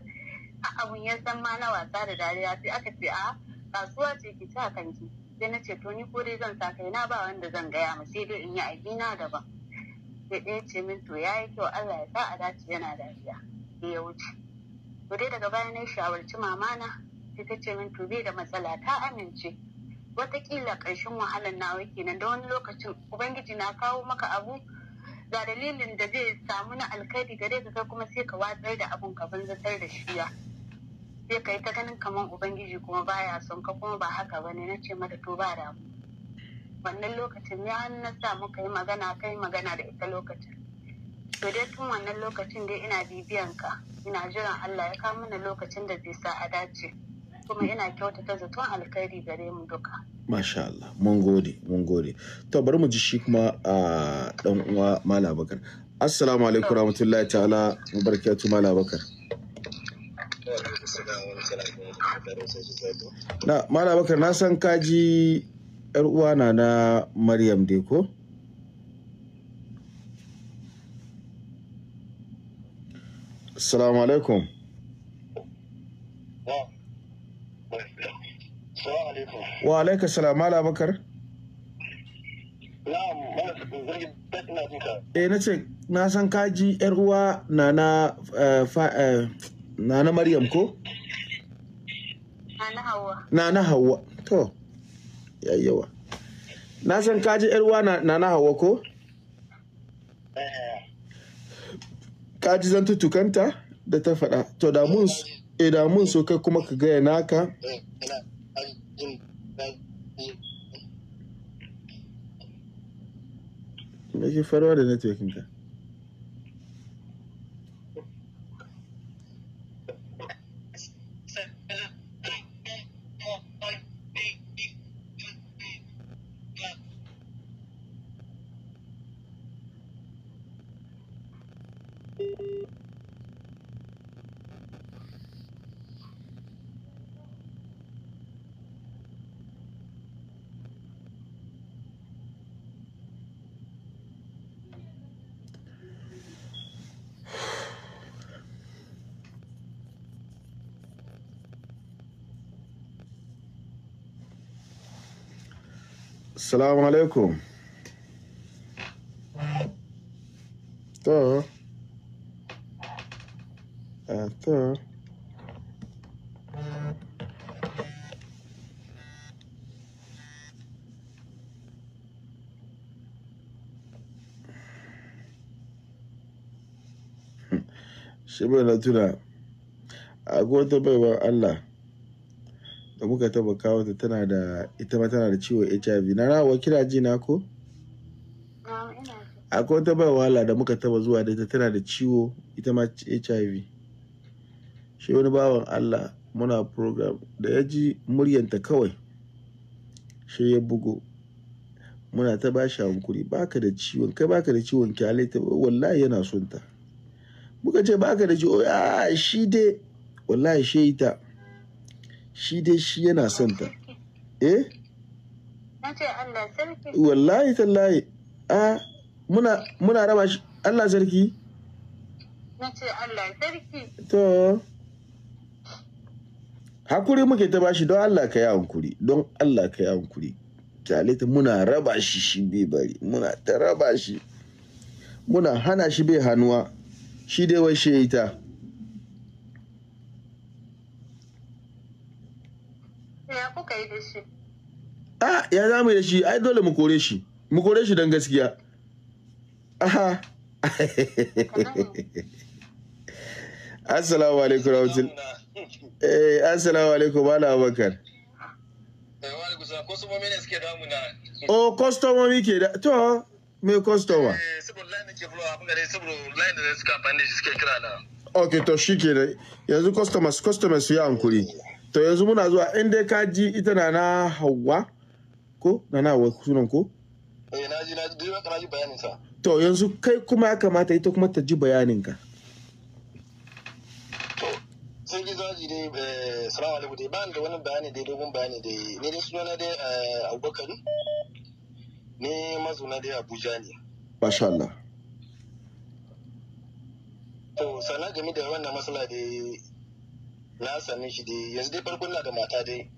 S3: a abun ya san ma na wasa da dariya sai aka ce a ah, kasuwa ce ki sa kanki sai na ce to ni ko dai zan sa kaina ba wanda zan gaya ma sai dai in yi abina daban sai ɗaya ce min to ya yi kyau Allah ya sa a dace yana lafiya da ya wuce to dai daga baya na shawarci mamana sai ta ce min to bai da matsala ta amince wataƙila ƙarshen wahalar nawa kenan da wani lokacin ubangiji na kawo maka abu ga dalilin da zai samu na alkhairi gare ka kuma sai ka watsar da abun ka zartar da ya. sai ka yi ta ganin kamar ubangiji kuma baya son ka kuma ba haka ba ne na ce mata to ba damu wannan lokacin ya na sa muka yi magana kai magana da ita lokacin to dai tun wannan lokacin dai ina bibiyan ka ina jiran Allah ya kawo mana lokacin da zai sa a dace kuma ina kyautata zaton alkhairi gare mu duka
S1: masha Allah mun gode mun gode to bari mu ji shi kuma a dan uwa Malam Bakar assalamu alaikum rahmatullahi ta'ala barke tu Malam Bakar na Malam Bakar na san kaji 'yar uwana na Maryam dai ko? Assalamu alaikum. Wa alaika salam ala Bakar. Eh na ce na san kaji yar uwa na na eh, eh, na na Maryam ko? Na na hawa Na na hawa To. yi yawa na san kaji yarwa na na hawa ko kaji zan tutukanta da ta faɗa to da mun e da mun so kai kuma ka gaya naka me ke faruwa da networking ka Assalamu alaikum. To. Uh, to. Shi bai na tuna, a ta baiwa Allah. da muka taba kawo ta tana da ita ma tana da ciwon HIV na rawa kira ji na ko ah, akwai wata bai wahala da muka taba zuwa da ita tana da ciwo ita ma HIV shi wani bawan Allah muna program da ya ji muryanta kawai shi ya bugo muna ta ba shi hankuri baka da ciwon kai baka da ciwon kyale ta wallahi yana son ta muka ce baka da ciwo a shi dai wallahi shi ita shi dai shi yana son ta eh wallahi tallahi a muna muna raba shi Allah sarki
S3: nace Allah sarki
S1: to hakuri muke ta bashi don Allah ka yi hankuri don Allah ka yi hankuri jalita muna raba shi shi bai bari muna ta raba shi muna hana shi bai hannuwa shi dai wai shi ita yi da shi ah, ya za da shi ai dole mu kore shi mu kore shi don gaskiya aha assalamu alaikum wa eh assalamu alaikum eh, o oh, kostomomi ke da to me kostoma ok to shi ke da yanzu kostomas, customers su yi hankuri to yanzu muna zuwa in dai ka ji ita na na hawa ko na na wasu sunan ko
S5: eh na ji na ji na ji bayanin sa
S1: to yanzu kai kuma ya kamata ita kuma ta ji bayanin ka
S5: to sai ji zaji dai eh, salamu alaikum dai ba da wani bayani dai dogon bayani dai ne dai sunana dai
S1: eh, Abubakar ne mazuna dai Abuja ne masha Allah
S5: to sana game da wannan matsala dai na same shi dai yanzu dai farkon na da mata dai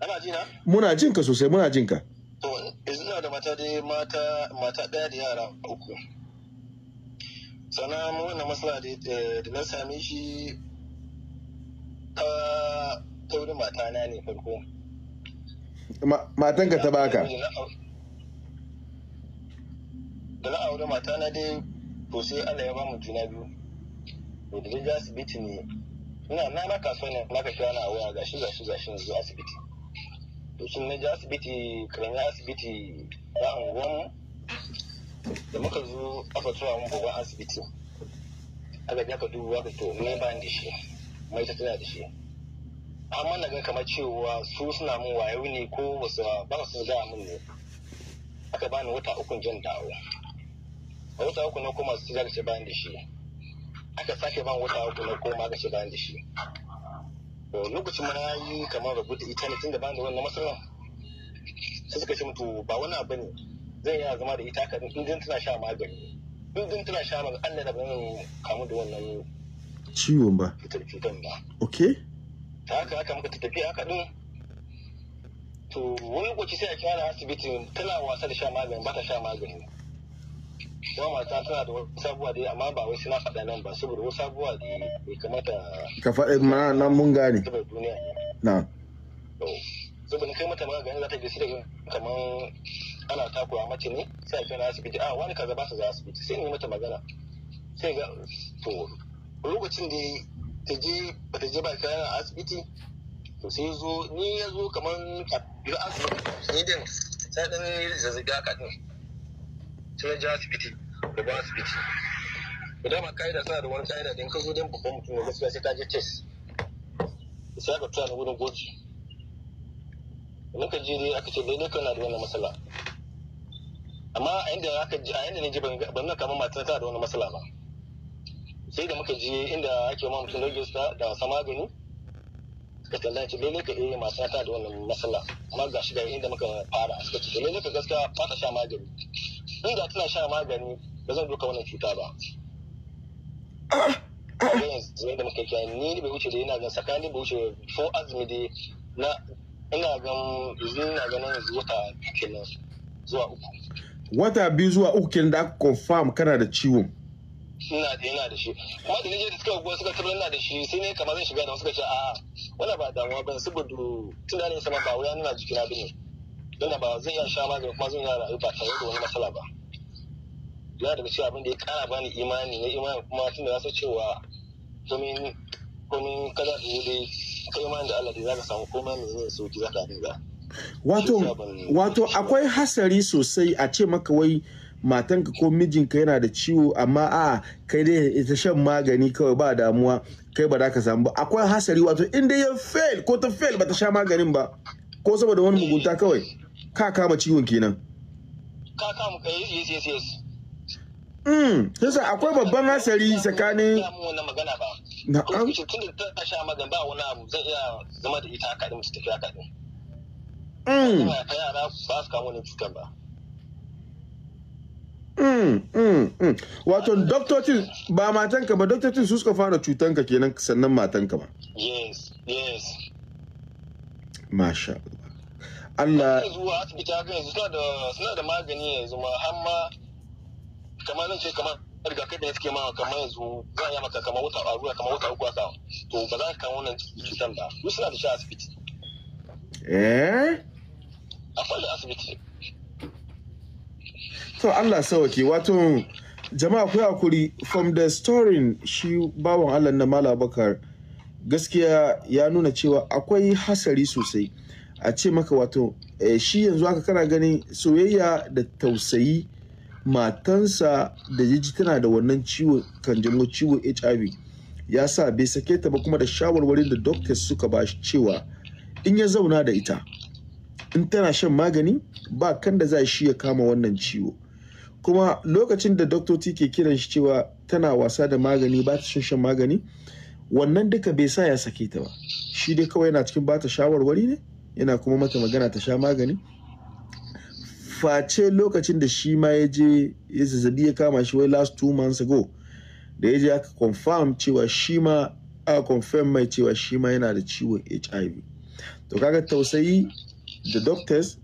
S5: ana ji na
S1: muna jin ka sosai muna jin ka to yanzu na da mata dai mata mata daya da
S5: yara uku sannan wannan matsala eh, da na same shi ta ta wurin matana ne farko
S1: matanka ta baka
S5: da na aure matana dai to sai Allah ya ba mu juna biyu to da je asibiti ne ina na na kasuwa ne na ka kira na ga shi gashi gashi gashi na zo asibiti to sun na ji asibiti karamin asibiti a anguwan da muka zo aka tura mu babban asibiti aka je aka duba aka to mai ba da shi mai ta tana da shi amma na ga kamar cewa su suna min wayo ne ko wasu ba su gaya min ne aka bani wata ukun jan dawo a wata uku na kuma su zaga ce bayan da shi aka sake ban wata uku na koma aka ce bayan da shi lokacin mana yi kamar rabu da ita ne tunda ban da wannan masarar sai suka ce mutu ba wani abu ne zai yi zama da ita ɗin in tana sha magani in tana sha magani Allah da ban kamu da wannan ciwon ba cutar cutar ba okay ta haka haka muka tafi haka din to wani lokaci sai a kira asibitin tana wasa da sha magani ba ta sha magani kuma mata tana da wasu abubuwa da amma ba wai suna faɗa nan ba saboda wasu abubuwa da bai kamata
S1: ka faɗi ma nan mun gane duniya na
S5: saboda kai mata magana ganin za ta gaishe da kamar ana takura mace ne sai a kai na asibiti a ah, wani kaza ba su za asibiti sai in mata magana sai ga to lokacin da ta je ba ta je ba kayan asibiti to sai zo ni ya zo kamar kafin asibiti ni din sai ɗan dan zazzaga ka din sai na je asibiti da ba asibiti idan dama ka'ida suna da wani ka'ida da ka zo don babban mutum ne gaskiya sai ka je test sai aka tura na wurin goji muka je dai aka ce dai ne kana da wannan matsala amma a inda aka a inda ne jiban ban na kama matar ta da wannan matsala ba sai da muka je inda ake ma mutum sa da sa magani suka talla ce dai ka eh mata ta da wannan matsala amma ga shi da inda muka fara suka ce dai ka gaskiya fata sha magani ni da tana sha magani ba zan duka wannan cuta ba yanzu da muka kiyaye ni bai wuce da ina gan tsakanin bai wuce fo azumi dai na ina gan ina ganin wata biyu kenan zuwa uku
S1: wata biyu zuwa uku kenan da aka confirm kana da ciwon
S5: ina da yana da shi kuma da nije da suka kuwa suka tabbatar ina da shi sai ne kamar zan shiga da suka ce a'a wala ba damuwa ban saboda tunanin sama ba wai nuna jikina bane dana ba zai iya sha magani kuma zai rayu ba tare da wani matsala ba ya daga cewa abin da ya kara bani imani na imani kuma tun da san cewa domin komin kada da yi kai imani da Allah da zaka samu komai mai yin sauki zaka dinga
S1: wato wato akwai hasari sosai a ce maka wai matanka ko mijinka yana da ciwo amma a kai dai ita shan magani kawai ba damuwa kai ba za ka samu ba akwai hasari wato in dai ya fail ko ta fail ba ta sha maganin ba ko saboda wani mugunta kawai ka kama ciwon kenan
S5: ka kama kai yes yes yes
S1: mm sai akwai babban hasari tsakanin na tun da wato doktocin ba matanka ba doktocin su suka fara cutanka kenan sannan matanka ba
S2: yes yes
S1: masha
S5: Allah ya zuwa asibiti haka yanzu suna da suna da magani yanzu ma har ma kamar zan ce kamar
S2: rigakafi ne suke ma kamar yanzu za a yi maka kamar wata ruwa kamar wata uku haka to ba za ka kawo wannan cutar ba su suna da shi asibiti
S1: eh
S2: a fallin asibiti
S1: to Allah sauke wato jama'a ku hakuri from the story shi bawan Allah na Malam Bakar gaskiya ya nuna cewa akwai hasari sosai a ce maka wato eh, shi yanzu haka kana ganin soyayya da tausayi matansa da jiji tana da wannan ciwo kan jango ciwo hiv ya sa bai sake ta ba kuma da shawarwarin da doctors suka ba shi cewa in ya zauna da ita in tana shan magani ba kan da za shi ya kama wannan ciwo kuma lokacin da doktoci ke kiran shi cewa tana wasa da magani ba ta shan magani wannan duka bai sa ya sake ta ba shi dai kawai yana cikin ba ta shawarwari ne yana kuma mata magana ta sha magani face lokacin da shi ma ya je ya zazzabi ya kama shi wai last two months ago da ya je aka confirm cewa shi ma aka confirm mai cewa shi ma yana da ciwon hiv to kaga tausayi da doctors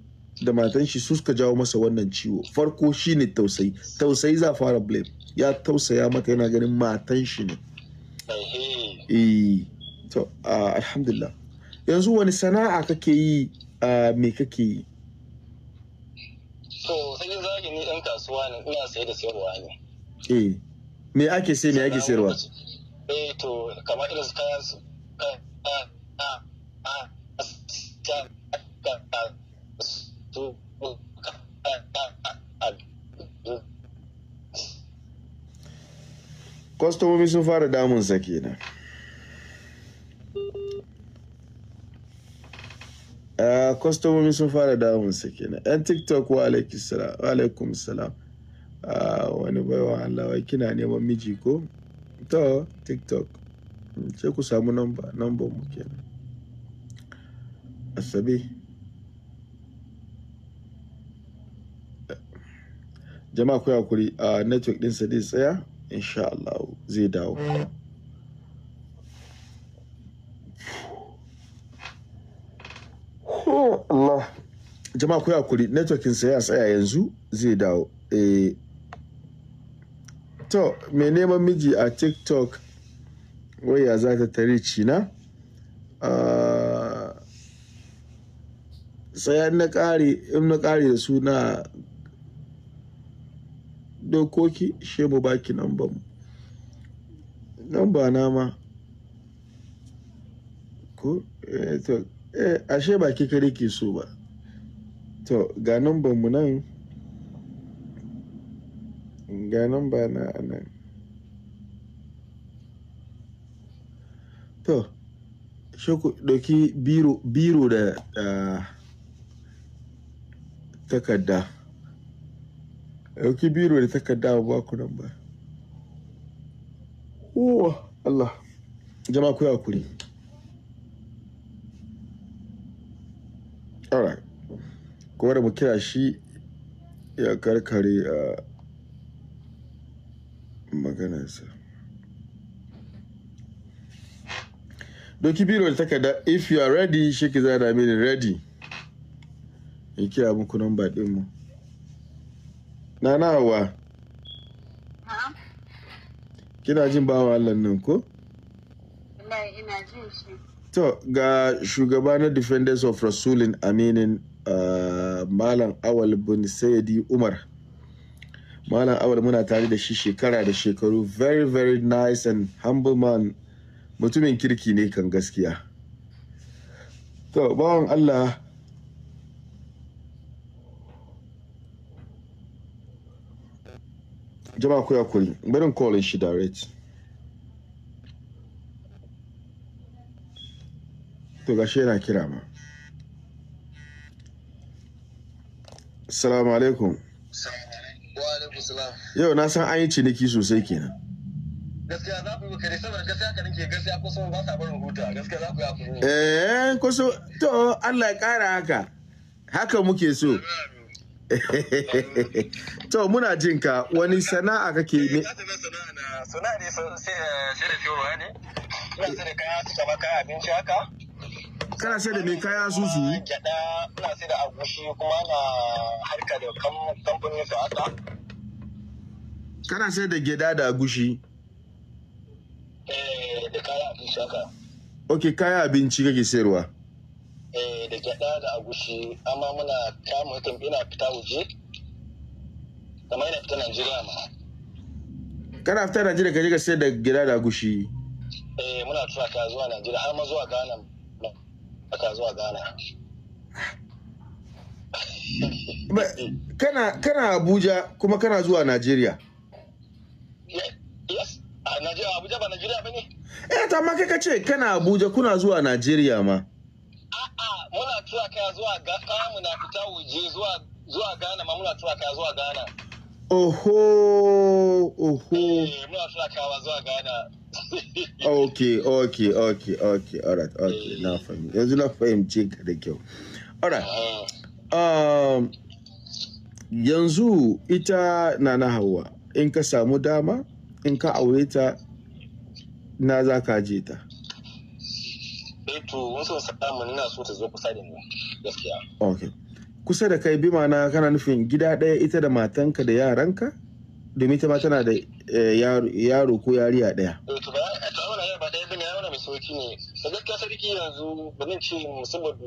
S1: da matan shi su suka jawo masa wannan ciwo farko shi ne tausayi tausayi za fara blame ya tausaya mata yana ganin matan shi ne eh to ah, alhamdulillah yanzu wani sana'a kake yi me kake yi
S5: to sai zagi ni dan kasuwa ne ina sayar da sayarwa ne
S1: eh me ake sai me ake sayarwa eh
S5: to kamar irin su kayan su
S1: kwastomomi sun fara damunsa kenan kwastomomi sun fara damun su kenan yan tiktok wa alaikum salam wani baiwa Allah kina neman miji ko to tiktok ce hmm, ku samu namba namba mu kenan asabi jama'a ku hakuri a network din sadi tsaya insha'Allah zai dawo Allah jama'a ku hakuri networking sai ya tsaya yanzu zai dawo eh to ne neman miji a TikTok waya za ta tare cina ah. tsaya na kare in na kare da suna dokoki she mu baki namban mu namba na ma ko eh to eh ashe ba ke kare ke so ba to ga number mu nan ga number na anan to shi ku biro biro da takarda ɗauki biro da takarda ba ku nan ba Allah jama'a ku yi hakuri kuma da mu kira shi ya karkare a maganarsa doki biro da takarda if you are ready shi ki zana mini ready in kira muku ba ɗinmu na nawa kina jin bawa Allah nan ko?
S3: ina jin shi
S1: To ga shugaba na Defenders of Rasulin Aminin uh, Malam Awal bin Sayyidi Umar. Malam Awal muna tare da shi shekara da shekaru very very nice and humble man mutumin kirki ne kan gaskiya. To bawan Allah jama'a kuya kuri barin kolin shi direct. to gashi na kira ma salamu alaikum yau na san an yi ciniki sosai kenan gaskiya za ku yi eh ko to Allah ya kara haka haka muke so to muna jin ka wani sana'a kake eh, ne sana'a ne sai eh,
S5: da fiyo ne ina sai da kaya su kama kaya abinci haka kana sai da mai kaya su su yi? ina sai da agushi kuma na harka da kamfanin su haka
S1: kana sai da gida da agushi
S5: eh da kaya abinci haka ok
S1: kaya abinci kake sayarwa eh da gyaɗa da agushi amma muna kama kan ina fita waje kamar ina fita Najeriya ma kana fita Najeriya ka je ka sayar da gida da agushi
S5: eh muna tura ka zuwa Najeriya har ma zuwa Ghana aka zuwa Ghana.
S1: kana kana Abuja kuma kana zuwa Najeriya.
S5: Yes, a Najeriya Abuja ba Najeriya ne
S1: Eh ta ma kai kace kana Abuja kuna zuwa Najeriya ma. A'a muna tura kaya zuwa Ghana muna fita
S5: waje zuwa zuwa Ghana ma muna tura kaya zuwa Ghana. Oho oho. Eh muna tura kaya zuwa Ghana.
S1: ok ok ok ok alright ok na fahimci yanzu na fahimce ka da kyau alright um, yanzu ita na na hawa in ka samu dama in ka aure ta na za ka je ta
S5: eh to wasu samun ina so ta zo kusa da mu gaskiya
S1: okay kusa da kai bi mana kana nufin gida ɗaya ita da matanka da yaranka domin ita ma tana da eh, yaro ko yariya ɗaya
S5: eh, shine da gaskiya sarki yanzu ba zan ce musamman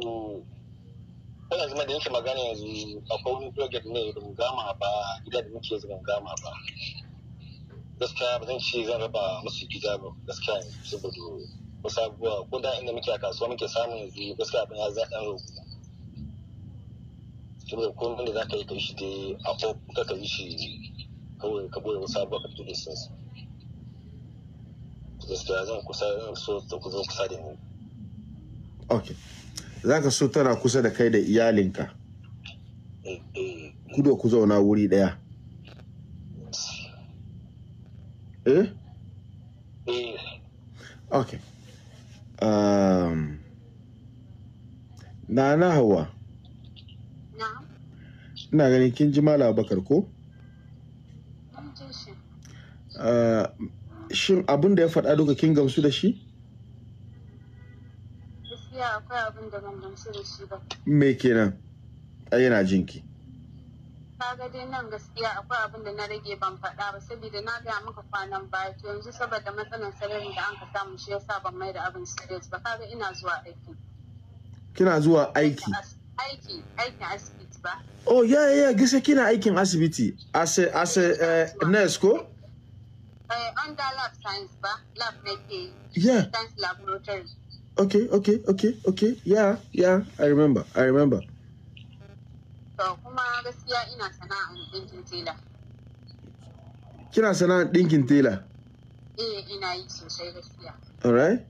S5: wannan zama da yake magana yanzu akwai wani project ne rungama ba gida da muke zama gama ba gaskiya ba zan ce zan raba musu gida ba gaskiya saboda wasu abubuwa ko da inda muke a kasuwa muke samun yanzu gaskiya abin ya zaɗa roƙo saboda ko wanda za ka yi ka yi shi dai a ko ka yi shi kawai ka boye wasu abubuwa ka fito da sun
S1: ok za ka so tana kusa da kai da iyalinka eh, eh. kudo ku zauna wuri daya eh? eh ok um, na na hawa ina ganin kin ji mala bakar ko? Uh, shin abin da ya faɗa duka kin gamsu da shi?
S3: Gaskiya akwai abin da ban gamsu da shi ba.
S1: Me kenan? Ai yana jinki.
S3: ga dai nan gaskiya akwai abin da na rage ban faɗa ba saboda na gaya maka kwanan baya to yanzu saboda matsalar sarari da an ka samu shi yasa ban mai da abin stress ba kaga ina zuwa aiki.
S1: Kina zuwa aiki?
S3: Aiki, aikin asibiti ba.
S1: Oh, ya, yeah, ya, yeah, kina aikin asibiti. Ase, ase, eh, nurse ko?
S3: uh, under lab science ba lab na ke yeah. science laboratory
S1: okay okay okay okay yeah yeah i remember i remember
S3: to kuma gaskiya ina sana'an ɗinkin tela
S1: kina sana'an ɗinkin tela
S3: eh ina yi sosai gaskiya
S1: right.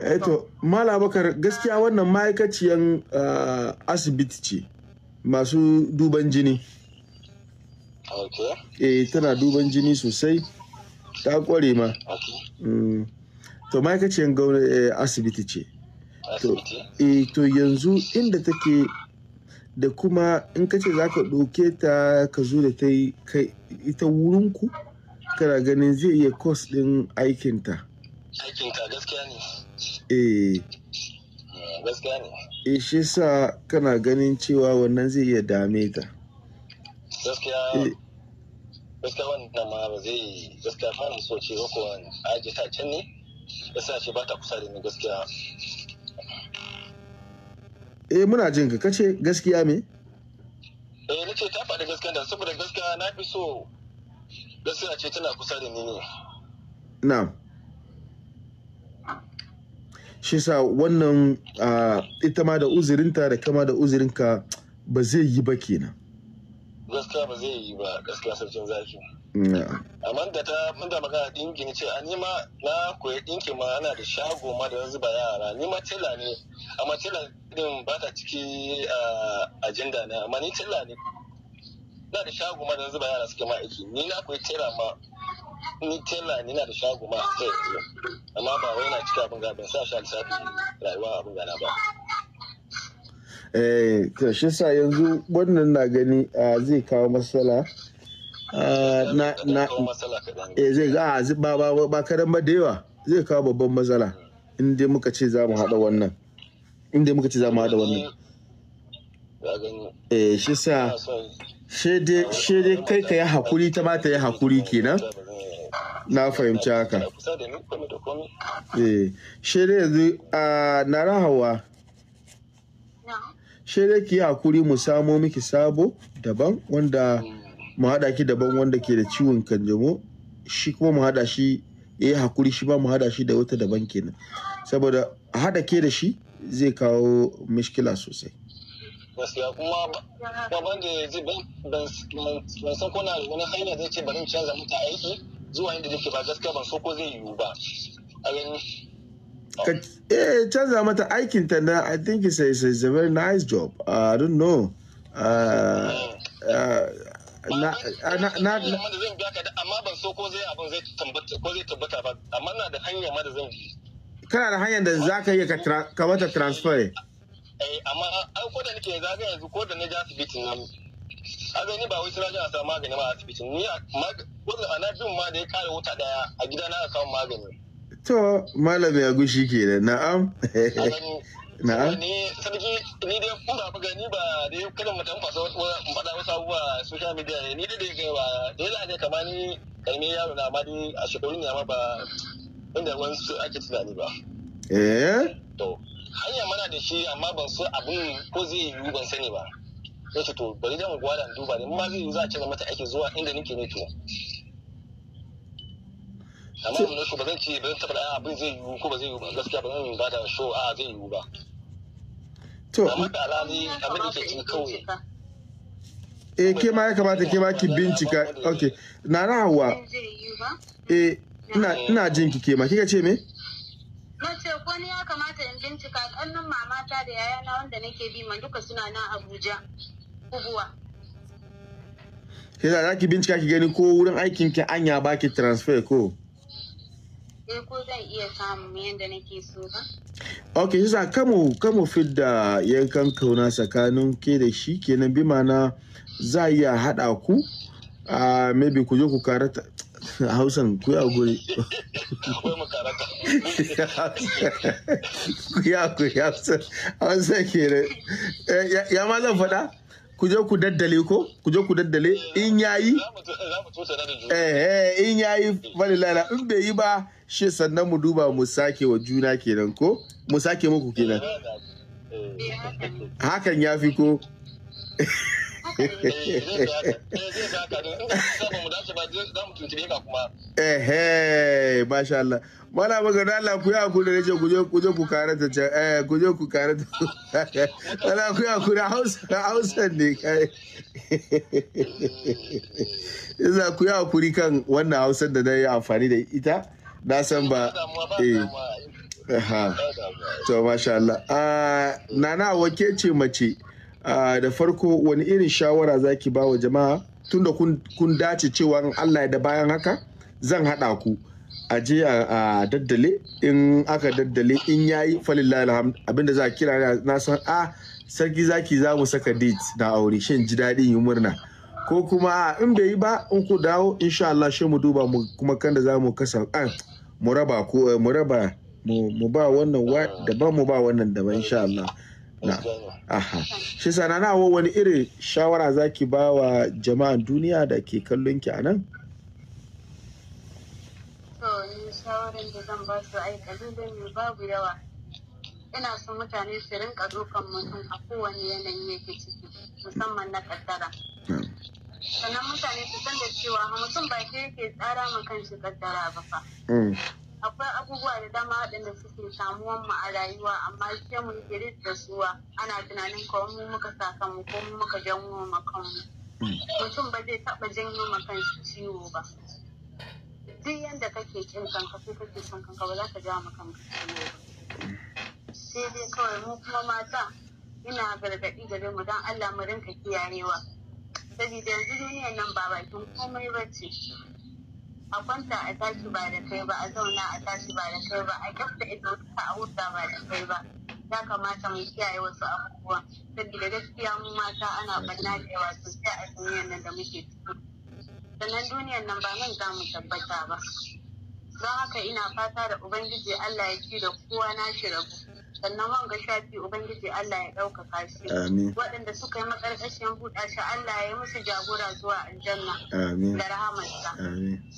S1: eto eh, mala bakar gaskiya wannan ma'aikaciyar ah, asibiti ce masu duban jini eh tana duban jini sosai ta kware ma mm. to ma'aikaciyar gwamnati eh, asibiti ce eh, to yanzu inda take da kuma in ka ce za ka ɗauke ta ka zo da ta kai ita wurinku kana ganin zai iya kos ɗin aikinta
S5: aikinta gaskiya ne eh mm, gaskiya ne
S1: eh shi sa kana ganin cewa wannan zai iya dame ta
S5: gaskiya eh. gaskiya wannan ma ba zai gaskiya fara so ce ba kuwa aji ta
S1: can ne gaskiya ce ba ta kusa da ni gaskiya eh muna jin ka kace gaskiya me
S5: eh nace ta faɗi gaskiya da saboda gaskiya na fi so gaskiya ce tana kusa da ni ne
S1: na'am shi sa wannan ah, ita ma da uzurinta da kama da uzurinka ba zai yi ba kenan
S5: gaskiya ba zai yi ba gaskiya
S2: sarkin zaki amma da ta mun da magana dinki ne ce ni ma
S5: na koyi dinki ma ana da shago ma da zuba yara ni ma tela ne amma tela din ba ta ciki a ajinda na amma ni tela ne na da shago ma da zuba yara suke ma aiki ni na koyi tela ma ni tela ne na da shago ma sai amma ba wai na cika abin ga ban sa shi lissafi rayuwa abin gana ba
S1: eh shi sa yanzu wannan na gani zai kawo matsala na na eh, zai ga ba ba ba karan ba da yawa zai kawo babban matsala Inda muka ce za mu haɗa wannan Inda muka ce za mu haɗa wannan eh shi sa shi dai kai ka yi hakuri ta ma ta yi hakuri kenan na fahimci haka eh, shi dai yanzu a na shi dai ki hakuri mu samo miki sabo daban wanda mu haɗa ki daban wanda ke da ciwon kanjamo shi kuma mu haɗa shi ya eh, yi hakuri shi ba mu haɗa shi da wata daban kenan saboda a haɗa ke da shi zai kawo mishkila sosai
S5: gaskiya kuma ba ban da yanzu ban san kuna wani hanya zai ce bari in canza mata aiki zuwa inda nake ba gaskiya ban so ko zai yiwu
S2: ba a gani
S1: eh canza mata aikin ta na I think it's a, it's a very nice job. Uh, I don't know. Uh, uh, uh na na
S5: amma ban so ko zai abin zai tambata ko zai tabbata ba amma na da hanya ma da zan bi
S1: kana da hanyar da za ka iya ka mata transfer eh
S5: amma ai ko da nake yanzu ko da na ja asibitin nan kaga ni ba wai sai na samu magani ma asibitin ni ma na ana bin ma da ya kare wuta daya a gidana na samu magani
S1: To, malam ya gushi da na'am.
S5: Na'am. Ni sarki ni dai kuma ba gani ba da yau kada mutum fasa wasu faɗa wasu abubuwa social media ne ni da dai kai ba da yalla ne kamar ni kalmi yaro na amma dai a shekarun ne ma ba inda wasu ake tunani ba. Eh? To, hanya mana da shi amma ban so abin ko zai yiwu ban sani ba. Yace to bari dan gwada duba ne ma zai yiwu za a cire mata ake zuwa inda nake ne to. amma mun ko ba zan ce ba zan tabbata abin zai yiwu ko ba zai yiwu ba gaskiya ba zan ba da show a zai yiwu ba
S1: to amma
S2: da alali abin da ke cikin kawai
S1: eh ke ma ya kamata ke ma ki bincika okay na rawa eh ina ina jin ki ke ma kika ce me
S3: na ce ko ni ya kamata in bincika kannin mamata da yayana wanda nake bi ma duka suna na Abuja kubuwa
S1: Sai za ki bincika ki gani ko wurin aikin ki anya ba ki transfer ko?
S3: eh zan iya samun yadda so ba
S1: ok shi kamu fidda yankan kauna tsakanin ke da shi kenan bi mana za a iya haɗa ku a maybe ku je ku karata hausan ku yi aguri ku yi aguri hausa ke da eh, ya ma zan faɗa ku je ku daddale ko ku je ku daddale in yayi eh eh in yayi falilala in bai yi ba shi sannan mu duba mu sake wa juna kenan ko mu sake muku kenan hakan ya fi ko eh eh masha Allah. Mana ba magana Allah ku ya ku da je ku je ku je ku kare ta eh ku je ku kare ta Ana ku ya ku Hausa Hausa ne kai. Yanzu ku yi hakuri kan wannan Hausar da dai amfani da ita. na san ba eh to masha Allah ah, nana wake ce mace ah, da farko wani irin shawara zaki ba wa jama'a tunda kun kun dace cewa Allah ya da bayan haka zan hada ku a je a daddale in aka daddale in yayi falillahi alhamd abinda za a kira na san a ah, sarki zaki za mu saka date na aure shin ji daɗin yi murna ko kuma in bai yi ba in ku dawo insha Allah shi mu duba mu kuma kan da za mu kasa mu raba ko eh, mu raba mu ba wannan daban mu ba wannan daban insha Allah na aha shi sanana wa wani irin shawara zaki ba wa jama'an duniya da ke kallon ki anan
S3: to ni shawaran da zan ba su ai kalilan babu yawa ina son mutane su rinka dokan mutum a kowane yanayi yake ciki musamman na kaddara sannan mutane su san da cewa mutum ba shi yake tsara ma kanshi kaddara ba fa mm. akwai abubuwa da dama waɗanda suke samuwan mu a rayuwa amma sai mu yi da suwa ana tunanin ko mu muka sa kanmu ko mu muka janwo ma kanmu mm. mutum ba zai taɓa janyo ma kanshi ciwo ba duk yanda kake kin kanka ko kake son kanka ba za ka ja ma kanka ciwo ba sai dai kawai mu kuma mata ina gargaɗi gare mu don Allah mu rinka kiyayewa saboda yanzu duniyar nan ba bakin komai ba ce a kwanta a tashi ba da kai ba a zauna a tashi ba da kai ba a kyafta ido ta a huta ba da kai ba ya kamata mu kiyaye wasu abubuwa saboda gaskiya mu mata ana banna da yawa sosai a duniyar nan da muke ciki sannan duniyar nan ba nan za mu tabbata ba don haka ina fata da ubangiji allah ya ci da kowa na shi rabu sannan wanga shafi ubangiji Allah ya ɗaukaka shi waɗanda suka yi makarƙashin buɗa shi Allah ya musu jagora zuwa aljanna da rahamarsa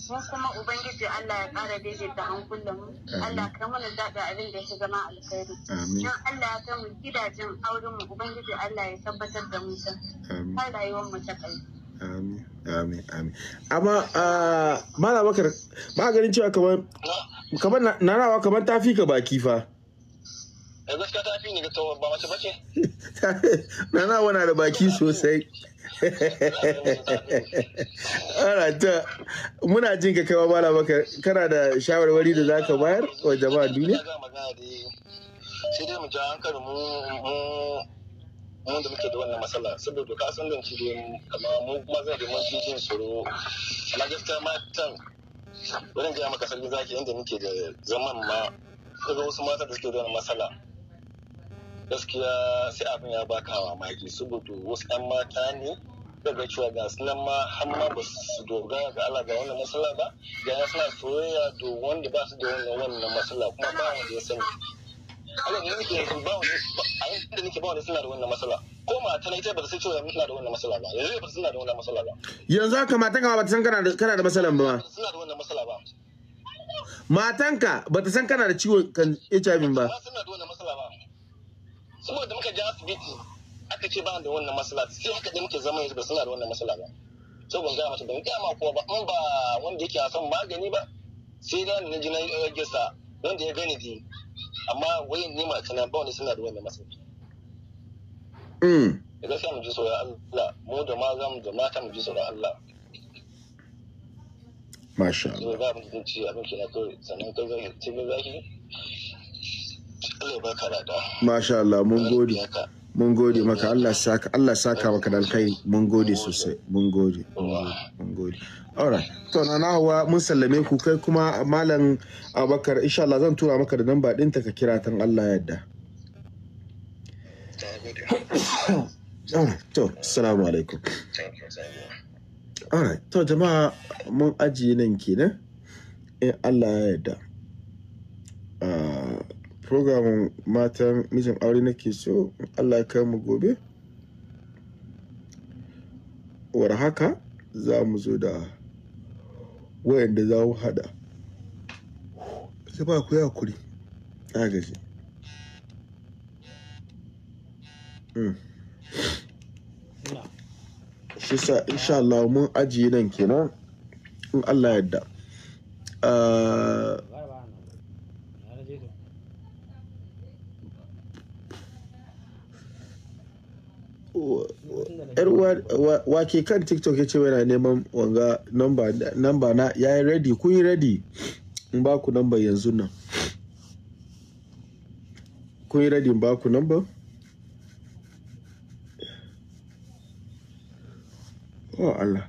S3: Mun kuma ubangiji Allah ya ƙara daidaita hankulan mu Allah ka mana daɗa abin da ya zama alkhairi Don Allah ya kai mu gidajen auren mu ubangiji Allah ya tabbatar da mu san har rayuwar mu ta kai
S1: amin amin amin amma uh, ah, mala bakar ba ganin cewa kamar kamar na kamar ta fi ka baki fa
S5: gaskiya ta fi ni ga tawar ba mace
S1: nana wana da baki sosai ana ta muna jin ka kawo bala baka kana da shawarwari da zaka bayar wa jama'a duniya sai dai mu ja
S5: hankalin mu mu da muke da wannan matsala saboda ka san dan cire kamar mu kuma zai da mun jin tsoro na gaskiya matan wurin ga maka sabbin zaki inda muke da zaman ma kaga wasu mata da suke da wannan matsala gaskiya sai abin ya baka mamaki saboda wasu 'yan mata ne daga cewa ga su nan ma hamma ba su dogara ga Allah ga wannan matsala ba ga ya suna soyayya to wanda ba su da wannan wannan matsala kuma ba wanda ya sani Allah ne yake yanzu ba wani a yanzu da nake ba wani suna da wannan matsala ko mata na ita ba su ce wani suna da wannan matsala ba yanzu ba suna da wannan matsala ba
S1: yanzu haka matan ka ba ta san kana da kana da matsalan ba
S5: suna da wannan matsala ba
S1: matanka ba ta san kana da ciwon HIV ba
S5: suna da wannan matsala ba kuma da muka je asibiti aka ce ba da wannan matsala sai haka da muke zama yanzu ba suna da wannan matsala ba sai ban gaya mata ban gaya ma kuwa ba in ba wanda yake son magani ba sai da na ji na rage sa wanda ya gani din amma wayan ni ma kana ba wani suna da wannan matsala mm da gaskiya mu ji tsoron Allah mu da maza mu da mata mu ji tsoron Allah masha Allah. Zo za mu ji abin kenan kawai sannan kai
S2: ci ce zaki
S1: baka lada masha Allah mun gode mun gode maka Allah saka Allah saka maka da alkai mun gode sosai mun gode mun gode alright to na nawa mun sallame ku kai kuma malam Abubakar insha Allah zan tura maka da namba ɗinta ka kira tan Allah ya yarda to assalamu alaikum alright to jama'a mun ajiye nan kenan in Allah ya yarda ah, programin matan mijin aure nake so allah ya mu gobe war haka za mu zo da wayanda za mu hada sai ba ku kuri na gaji hmm. shi sa insha Allah mun ajiye nan kenan in Allah yadda yar wake kan tiktok ya ce yana neman wanga namba na ya yi ready ku yi ready in ba ku namba yanzu nan ku yi ready in ba ku namba oh Allah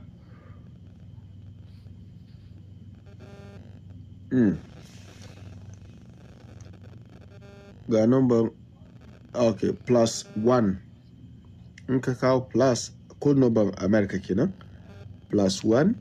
S1: mm. ga number ah, okay plus one in ka kawo plus code number amerika kenan plus one?